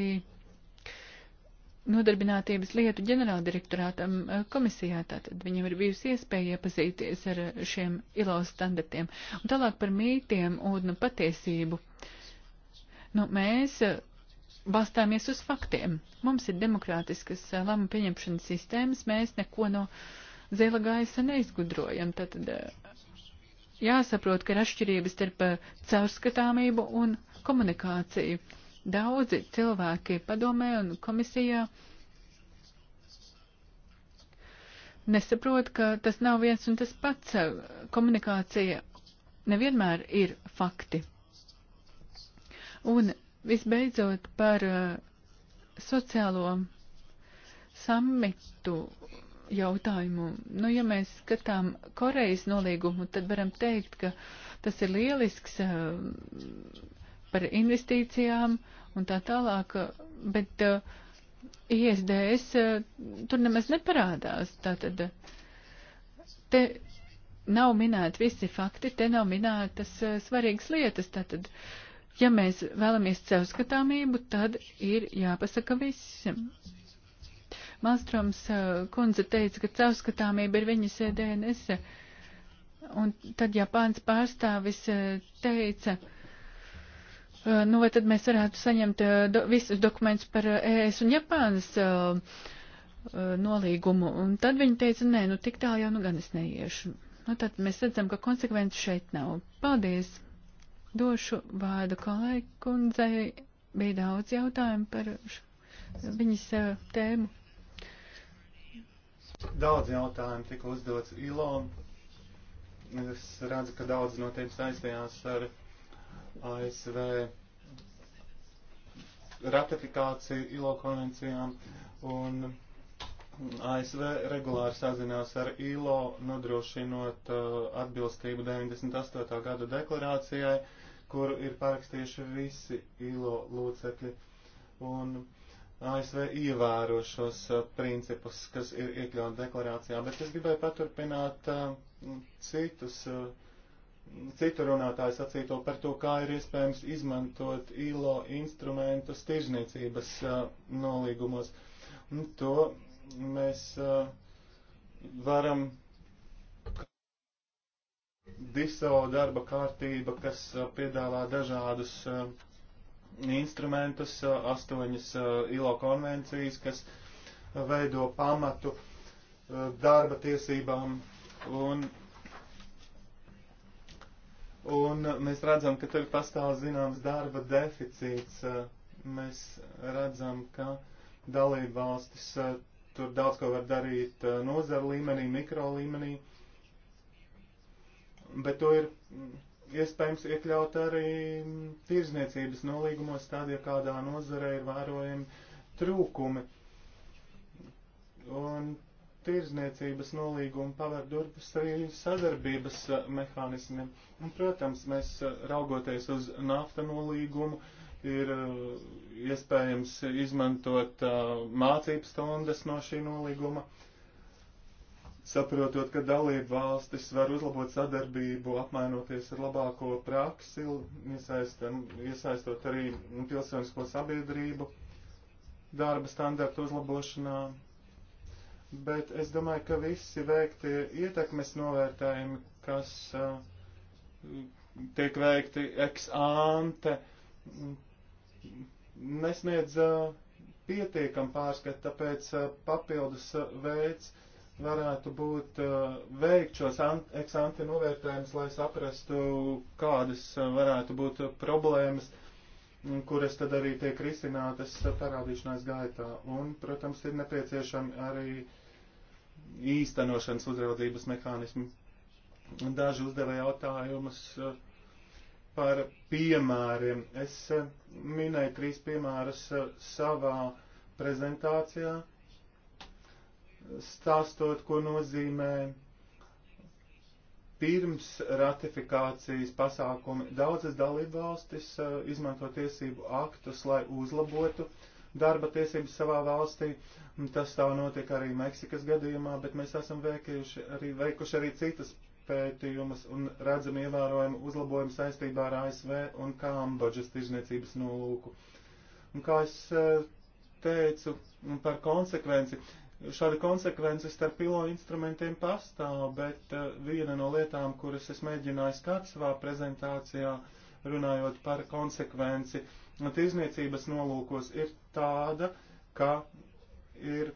nodarbinātības lietu ģenerāldirektorātam eh, komisijā. Tātad viņam ir bijusi iespēja iepazīties ar šiem ILO standartiem. Un tālāk par mītiem un patiesību. Nu, mēs eh, balstāmies uz faktiem. Mums ir demokrātiskas eh, lēmuma pieņemšanas sistēmas, mēs neko no zila gaisa neizgudrojam. Tātad jāsaprot, ka ir atšķirības starp eh, caurskatāmību un komunikāciju. Daudzi cilvēki padomē un komisijā nesaprot, ka tas nav viens un tas pats. Eh, komunikācija nevienmēr ir fakti. Un visbeidzot par eh, sociālo samitu jautājumu. Nu, ja mēs skatām Korejas nolīgumu, tad varam teikt, ka tas ir lielisks eh, par investīcijām un tā tālāk, bet eh, ISDS eh, tur nemaz neparādās. Tātad te nav minēti visi fakti, te nav minētas svarīgas lietas. Tātad, ja mēs vēlamies caurskatāmību, tad ir jāpasaka viss. Malstroms eh, kundze teica, ka caurskatāmība ir viņas DNS. Un tad Japāns pārstāvis eh, teica, eh, nu vai tad mēs varētu saņemt do, visus dokumentus par ES e un Japānas nolīgumu. Un tad viņa teica, nē, nu tik tālu jau nu gan es neiešu. Nu tad mēs redzam, ka konsekvences šeit nav. Paldies! Došu vārdu kolēģi kundzei. Bija daudz jautājumu par viņas tēmu. Daudz jautājumu tika uzdots ILO. Es redzu, ka daudz no tiem saistījās ar ASV ratifikāciju ILO konvencijām un ASV regulāri sazinās ar ILO, nodrošinot uh, atbilstību 98. gada deklarācijai, kuru ir parakstījuši visi ILO locekļi. Un ASV ievēro šos uh, principus, kas ir iekļauti deklarācijā, bet es gribēju paturpināt uh, citus, uh, citu runātāju sacīto par to, kā ir iespējams izmantot ILO instrumentus tirzniecības nolīgumos. Un to mēs varam DISO darba kārtība, kas piedāvā dažādus uh, instrumentus, astoņas ILO konvencijas, kas veido pamatu darba tiesībām. Un, un mēs redzam, ka tur pastāv zināms darba deficīts. Mēs redzam, ka dalība valstis tur daudz ko var darīt nozaru līmenī, mikro līmenī, bet to ir iespējams iekļaut arī tirzniecības nolīgumos tādie, kādā nozarē ir vērojami trūkumi. Un tirzniecības nolīguma paver durvis arī sadarbības eh, mehānismiem. Un, protams, mēs eh, raugoties uz nafta nolīgumu, ir eh, iespējams izmantot mācības stundas no šī nolīguma. Uh, saprotot, ka dalību valstis var uzlabot sadarbību, apmainoties ar labāko praksi, iesaistam, iesaistot arī pilsonisko sabiedrību darba standartu uzlabošanā. Bet es domāju, ka visi veikti ietekmes novērtējumi, kas uh, tiek veikti ex ante, nesniedz uh, pietiekam pārskatu, tāpēc uh, papildus veids, uh, varētu būt uh, veikt šos eksante novērtējumus, lai saprastu, kādas eh, varētu būt problēmas, kuras tad arī tiek risinātas parādīšanās gaitā. Un, protams, ir nepieciešami arī īstenošanas uzraudzības mehānismi. Daži uzdeva jautājumus eh, par piemēriem. Es minēju trīs piemērus savā prezentācijā. Uh, stāstot, ko nozīmē pirms ratifikācijas pasākumi. Daudzas dalībvalstis eh, izmanto tiesību aktus, lai uzlabotu darba tiesības savā valstī. Tas tā notiek arī Meksikas gadījumā, bet mēs esam veikuši arī, veikuši arī citas pētījumus un redzam ievērojumu uzlabojumu saistībā ar ASV un Kambodžas tirzniecības nolūku. Un kā es eh, teicu par konsekvenci, Šāda konsekvence starp pilota instrumentiem pastāv, bet eh, viena no lietām, kuras es mēģināju skatīt savā prezentācijā, runājot par konsekvenci, no tirzniecības nolūkos ir tāda, ka ir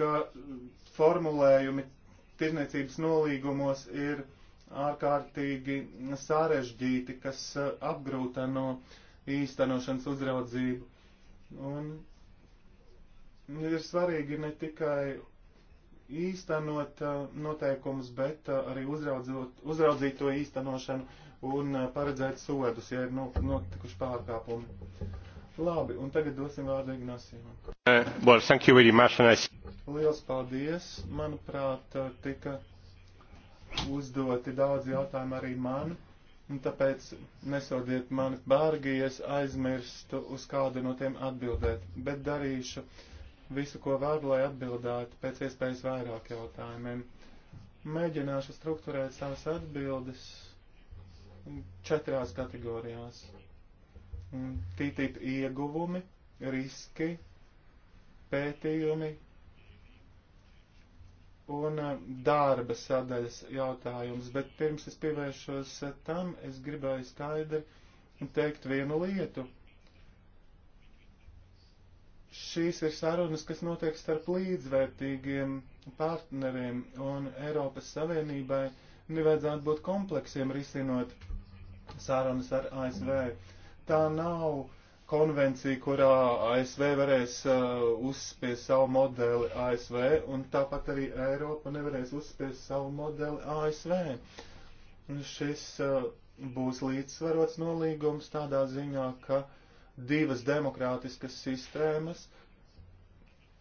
ka formulējumi tirzniecības nolīgumos ir ārkārtīgi sarežģīti, kas eh, apgrūta no īstenošanas uzraudzību. Un ir svarīgi ne tikai īstenot uh, noteikumus, bet uh, arī uzraudzīt to īstenošanu un uh, paredzēt sodus, ja ir notikuši pārkāpumi. Labi, un tagad dosim vārdu Ignācijam. Uh, well, thank you very much. I... Liels paldies. Manuprāt, tika uzdoti daudz jautājumu arī man un tāpēc nesodiet mani bārgi, ja es aizmirstu uz kādu no tiem atbildēt, bet darīšu visu, ko varu, lai atbildētu pēc iespējas vairāk jautājumiem. Mēģināšu struktūrēt savas atbildes četrās kategorijās. TTIP ieguvumi, riski, pētījumi, un eh, darba sadaļas jautājums, bet pirms es pievēršos eh, tam, es gribēju skaidri teikt vienu lietu. Šīs ir sarunas, kas notiek starp līdzvērtīgiem partneriem, un Eiropas Savienībai nevajadzētu būt kompleksiem risinot sarunas ar ASV. Tā nav uh, konvencija, kurā ASV varēs uh, uzspies savu modeli ASV, un tāpat arī Eiropa nevarēs uzspies savu modeli ASV. Šis uh, būs līdzsvarots nolīgums tādā ziņā, ka divas demokrātiskas sistēmas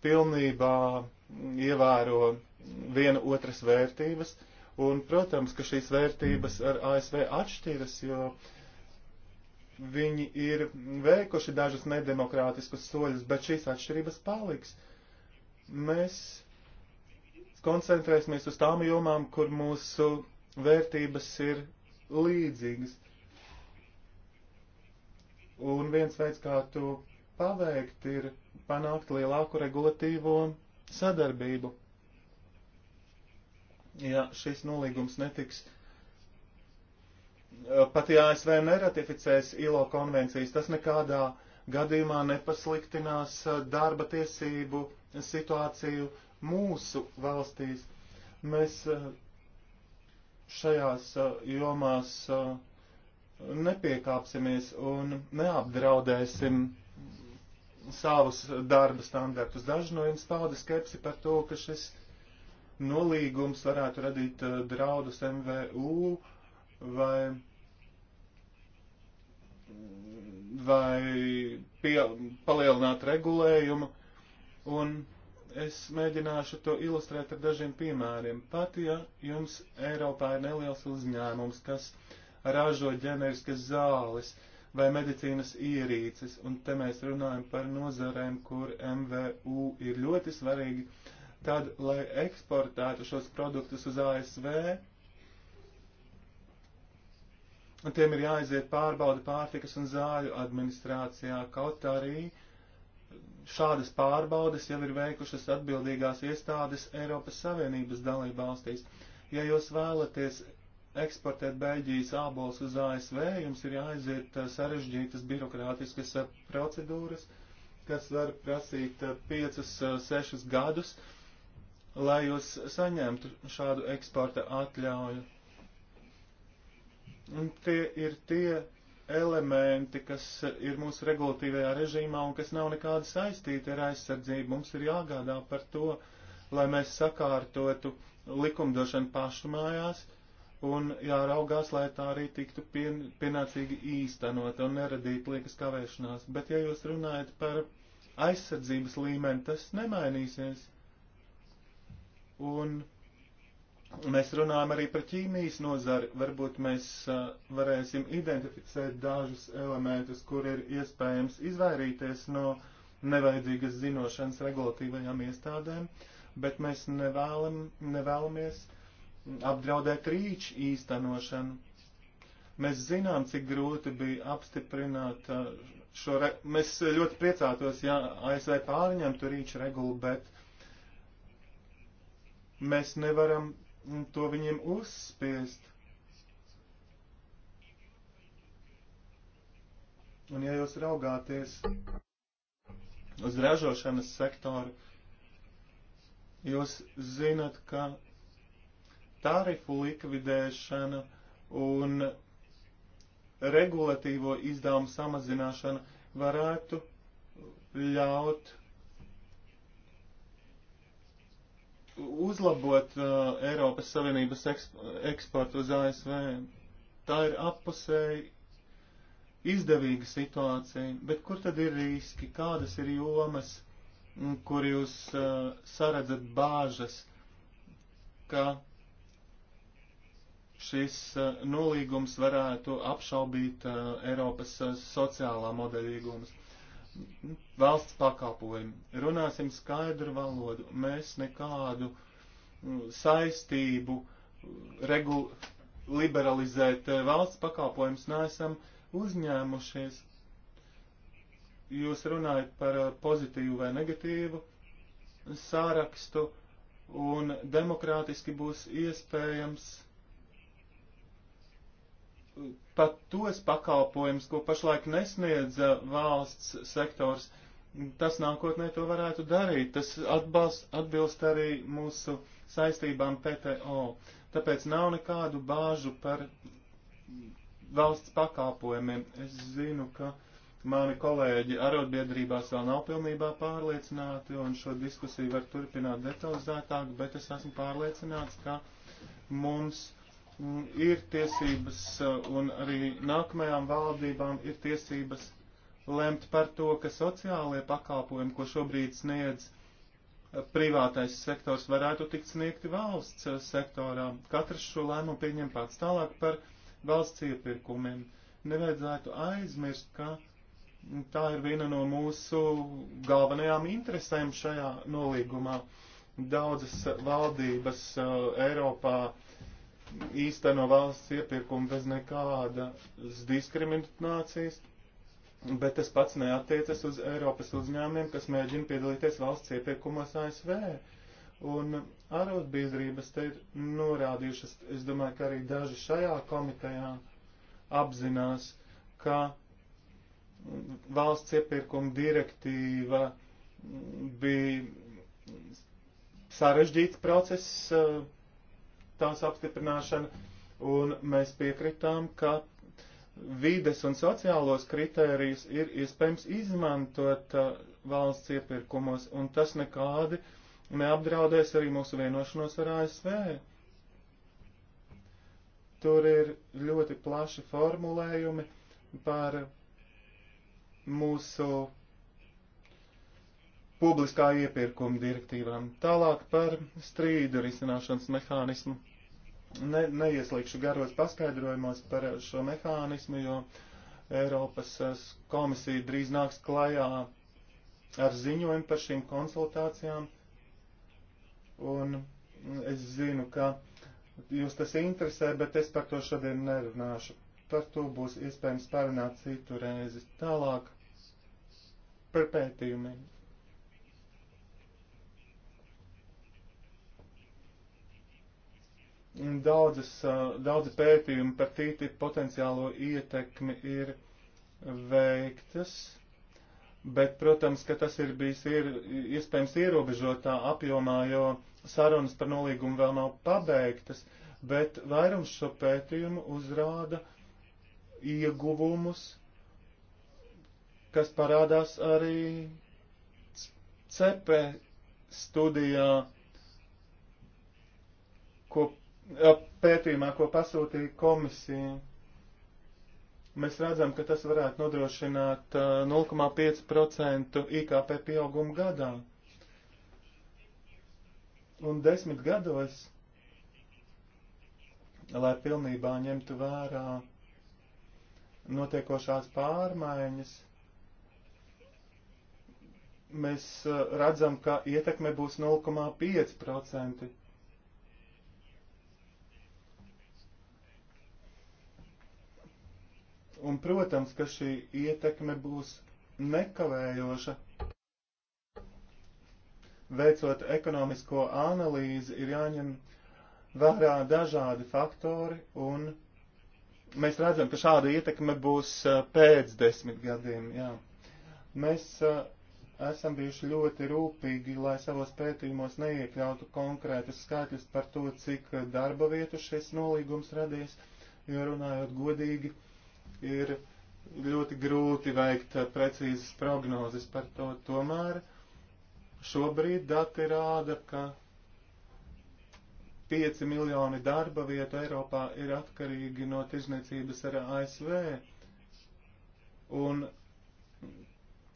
pilnībā ievēro viena otras vērtības, un, protams, ka šīs vērtības ar ASV atšķiras, jo uh, Viņi ir veikuši dažus nedemokrātiskus soļus, bet šīs atšķirības paliks. Mēs koncentrēsimies uz tām jomām, kur mūsu vērtības ir līdzīgas. Un viens veids, kā to paveikt, ir panākt lielāku regulatīvo sadarbību. Ja šis nolīgums netiks Eh, pat ja ASV neratificēs ILO konvencijas, tas nekādā gadījumā nepasliktinās eh, darba tiesību situāciju mūsu valstīs. Mēs eh, šajās jomās nepiekāpsimies un neapdraudēsim savus darba standartus. Daži no jums pauda skepsi par to, ka šis nolīgums varētu radīt draudus MVU vai vai pie, palielināt regulējumu, un es mēģināšu to ilustrēt ar dažiem piemēriem. Pat ja jums Eiropā ir neliels uzņēmums, kas ražo ģeneriskas zāles vai medicīnas ierīces, un te mēs runājam par nozarēm, kur MVU ir ļoti svarīgi, tad, lai eksportētu šos produktus uz ASV, Tiem ir jāiziet pārbauda pārtikas un zāļu administrācijā, kaut arī šādas pārbaudes jau ir veikušas atbildīgās iestādes Eiropas Savienības dalība valstīs. Ja jūs vēlaties eksportēt Beļģijas ābolus uz ASV, jums ir jāiziet sarežģītas birokrātiskas procedūras, kas var prasīt 5-6 gadus, lai jūs saņemtu šādu eksporta atļauju Tie ir tie elementi, kas ir mūsu regulatīvajā režīmā un kas nav nekādi saistīti ar aizsardzību. Mums ir jāgādā par to, lai mēs sakārtotu likumdošanu pašu mājās un jāraugās, lai tā arī tiktu pien, pienācīgi īstenot un neradītu liekas kavēšanās. Bet ja jūs runājat par aizsardzības līmeni, tas nemainīsies. Un Mēs runājam arī par ķīmijas nozari. Varbūt mēs uh, varēsim identificēt dažus elementus, kur ir iespējams izvairīties no nevajadzīgas zinošanas regulatīvajām iestādēm, bet mēs nevēlam, nevēlamies apdraudēt rīču īstenošanu. Mēs zinām, cik grūti bija apstiprināt uh, šo. Re... Mēs ļoti priecātos, ja ASV pārņemtu rīču regulu, bet mēs nevaram to viņiem uzspiest. Un ja jūs raugāties uz ražošanas sektoru, jūs zinat, ka tarifu likvidēšana un regulatīvo izdevumu samazināšana varētu ļaut uzlabot uh, Eiropas Savienības eksp eksportu uz ASV. Tā ir appusēji izdevīga situācija, bet kur tad ir riski, kādas ir jomas, mm, kur jūs uh, saredzat bāžas, ka šis uh, nolīgums varētu apšaubīt uh, Eiropas uh, sociālā modeļīgumus valsts pakalpojumi. Runāsim skaidru valodu. Mēs nekādu mm, saistību mm, regu, liberalizēt eh, valsts pakalpojumus neesam uzņēmušies. Jūs runājat par eh, pozitīvu vai negatīvu sārakstu, un demokrātiski būs iespējams pat tos pakalpojumus, ko pašlaik nesniedz valsts sektors, tas nākotnē to varētu darīt. Tas atbalst, atbilst arī mūsu saistībām PTO. Tāpēc nav nekādu bāžu par valsts pakalpojumiem. Es zinu, ka mani kolēģi arotbiedrībās vēl nav pilnībā pārliecināti, un šo diskusiju var turpināt detalizētāk, bet es esmu pārliecināts, ka mums Mm, ir tiesības uh, un arī nākamajām valdībām ir tiesības lemt par to, ka sociālie pakalpojumi, ko šobrīd sniedz uh, privātais sektors, varētu tikt sniegti valsts uh, sektorā. Katrs šo lēmumu pieņem pats tālāk par valsts iepirkumiem. Nevajadzētu aizmirst, ka tā ir viena no mūsu galvenajām interesēm šajā nolīgumā. Daudzas valdības uh, Eiropā uh, īsteno valsts iepirkumu bez nekādas diskriminācijas, bet tas pats neatiecas uz Eiropas uzņēmumiem, kas mēģina piedalīties valsts iepirkumos ASV. Un arotbiedrības te ir norādījušas, es domāju, ka arī daži šajā komitejā apzinās, ka valsts iepirkuma direktīva bija sarežģīts process, tās apstiprināšana, un mēs piekritām, ka vides un sociālos kritērijus ir iespējams izmantot uh, valsts iepirkumos, un tas nekādi neapdraudēs arī mūsu vienošanos ar ASV. Tur ir ļoti plaši formulējumi par mūsu publiskā iepirkuma direktīvām. Tālāk par strīdu risināšanas mehānismu ne, neieslīgšu garos paskaidrojumos par šo mehānismu, jo Eiropas komisija drīz nāks klajā ar ziņojumu par šīm konsultācijām. Un es zinu, ka jūs tas interesē, bet es par to šodien nerunāšu. Par to būs iespējams parunāt citu reizi tālāk par pētījumiem. Daudzas, daudzi pētījumi par TTIP potenciālo ietekmi ir veiktas, bet, protams, ka tas ir bijis ir, iespējams ierobežotā apjomā, jo sarunas par nolīgumu vēl nav pabeigtas, bet vairums šo pētījumu uzrāda ieguvumus, kas parādās arī CP studijā, ko pētījumā, ko pasūtīja komisija, mēs redzam, ka tas varētu nodrošināt 0,5% uh, IKP pieaugumu gadā. Un desmit gados, lai pilnībā ņemtu vērā notiekošās pārmaiņas, mēs uh, redzam, ka ietekme būs 0,5%. un, protams, ka šī ietekme būs nekavējoša. Veicot ekonomisko analīzi, ir jāņem vērā dažādi faktori, un mēs redzam, ka šāda ietekme būs eh, pēc desmit gadiem. Jā. Mēs uh, esam bijuši ļoti rūpīgi, lai savos pētījumos neiekļautu konkrētas skaitļus par to, cik darba vietu šis nolīgums radies, jo runājot godīgi, uh, ir ļoti grūti veikt precīzes prognozes par to. Tomēr šobrīd dati rāda, ka 5 miljoni darba vietu Eiropā ir atkarīgi no tirzniecības ar ASV. Un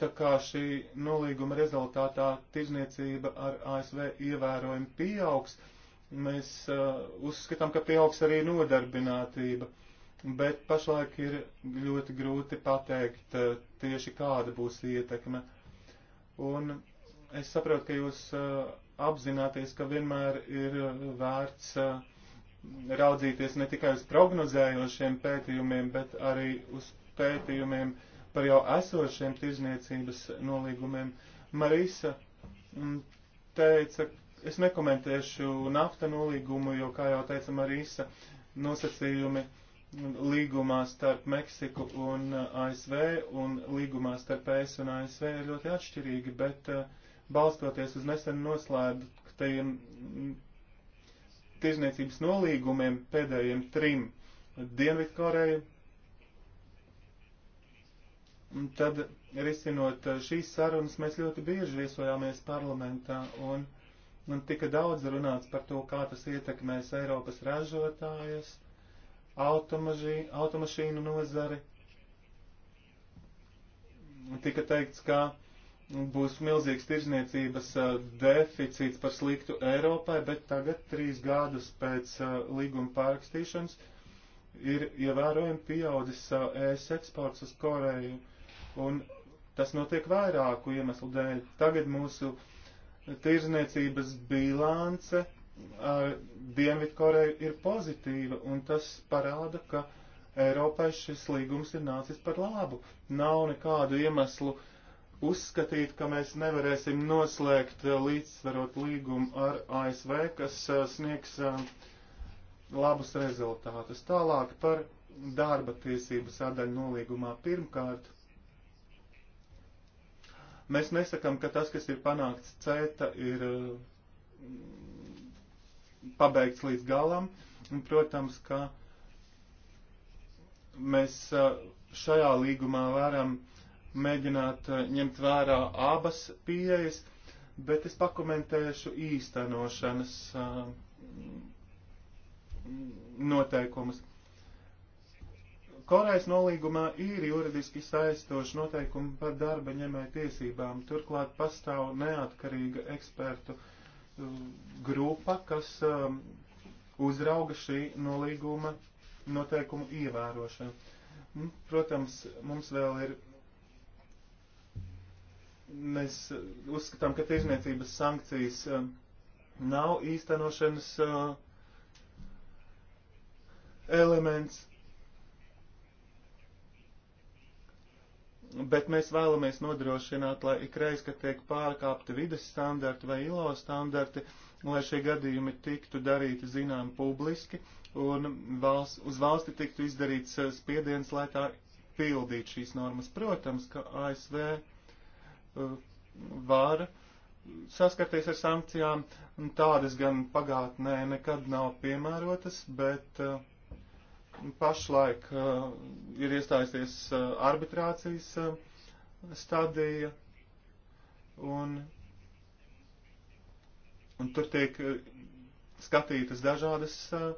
tā kā šī nolīguma rezultātā tirzniecība ar ASV ievērojami pieaugs, mēs uh, uzskatām, ka pieaugs arī nodarbinātība. Uh, bet pašlaik ir ļoti grūti pateikt eh, tieši kāda būs ietekme. Un es saprotu, ka jūs eh, apzināties, ka vienmēr ir eh, vērts raudzīties ne tikai uz prognozējošiem pētījumiem, bet arī uz pētījumiem par jau esošiem tirzniecības nolīgumiem. Marisa mm, teica, es nekomentēšu nafta nolīgumu, jo, kā jau teica Marisa, nosacījumi līgumā starp Meksiku un uh, ASV un līgumā starp ES un ASV ir ļoti atšķirīgi, bet uh, balstoties uz nesen noslēgtajiem mm, tirzniecības nolīgumiem pēdējiem trim Dienvidkoreju, tad risinot uh, šīs sarunas mēs ļoti bieži viesojāmies parlamentā un, un tika daudz runāts par to, kā tas ietekmēs Eiropas ražotājas automažī, automašīnu nozari. Tika teikts, ka būs milzīgs tirzniecības uh, deficīts par sliktu Eiropai, bet tagad, trīs gadus pēc uh, līguma pārakstīšanas, ir ievērojami pieaudzis ES uh, eksports uz Koreju. Un tas notiek vairāku iemeslu dēļ. Tagad mūsu tirzniecības bilance Dienvidkoreja ir pozitīva, un tas parāda, ka Eiropai šis līgums ir nācis par labu. Nav nekādu iemeslu uzskatīt, ka mēs nevarēsim noslēgt līdzsvarot līgumu ar ASV, kas sniegs labus rezultātus. Tālāk par darba tiesību sadaļu nolīgumā pirmkārt. Mēs nesakam, ka tas, kas ir panākts CETA, ir pabeigts līdz galam. Un, protams, ka mēs šajā līgumā varam mēģināt ņemt vērā abas pieejas, bet es pakomentēšu īstenošanas noteikumus. Korejas nolīgumā ir juridiski saistoši noteikumi par darba ņemēju tiesībām, turklāt pastāv neatkarīga ekspertu uh, grupa, kas um, uzrauga šī nolīguma noteikumu ievērošanu. Nu, protams, mums vēl ir. Mēs uzskatām, ka tirzniecības sankcijas um, nav īstenošanas uh, elements bet mēs vēlamies nodrošināt, lai ikreiz, kad tiek pārkāpti vides standarti vai ILO standarti, lai šie gadījumi tiktu darīti zinām publiski un valsts, uz valsti tiktu izdarīts eh, spiediens, lai tā pildītu šīs normas. Protams, ka ASV uh, eh, var saskarties ar sankcijām, tādas gan pagātnē nekad nav piemērotas, bet uh, pašlaik uh, ir iestājusies uh, arbitrācijas uh, stadija, un, un tur tiek skatītas dažādas uh,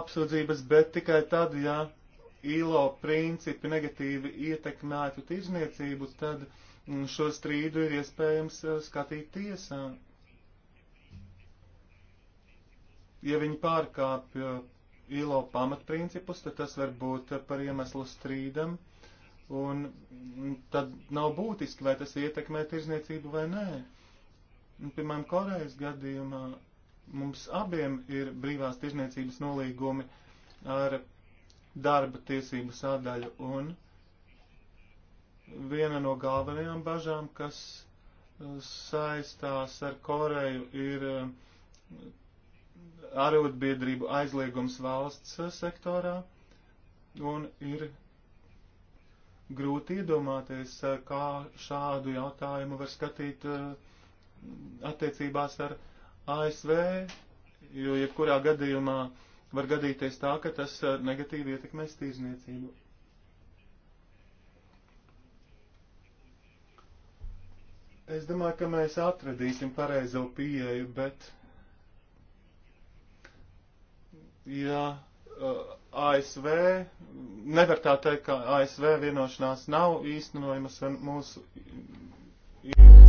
apsūdzības, bet tikai tad, ja īlo principi negatīvi ietekmētu tirzniecību, tad mm, šo strīdu ir iespējams skatīt tiesā. Ja viņi pārkāpj ILO pamatprincipus, tad tas var būt par iemeslu strīdam, un tad nav būtiski, vai tas ietekmē tirzniecību vai nē. Piemēram, Korejas gadījumā mums abiem ir brīvās tirzniecības nolīgumi ar darba tiesību sādaļu, un viena no galvenajām bažām, kas uh, saistās ar Koreju, ir uh, arotbiedrību aizliegums valsts sektorā, un ir grūti iedomāties, eh, kā šādu jautājumu var skatīt eh, attiecībās ar ASV, jo jebkurā gadījumā var gadīties tā, ka tas eh, negatīvi ietekmēs tīrzniecību. Es domāju, ka mēs atradīsim pareizo pieeju, bet ja uh, ASV, nevar tā teikt, ka ASV vienošanās nav īstenojamas mūsu. Ir.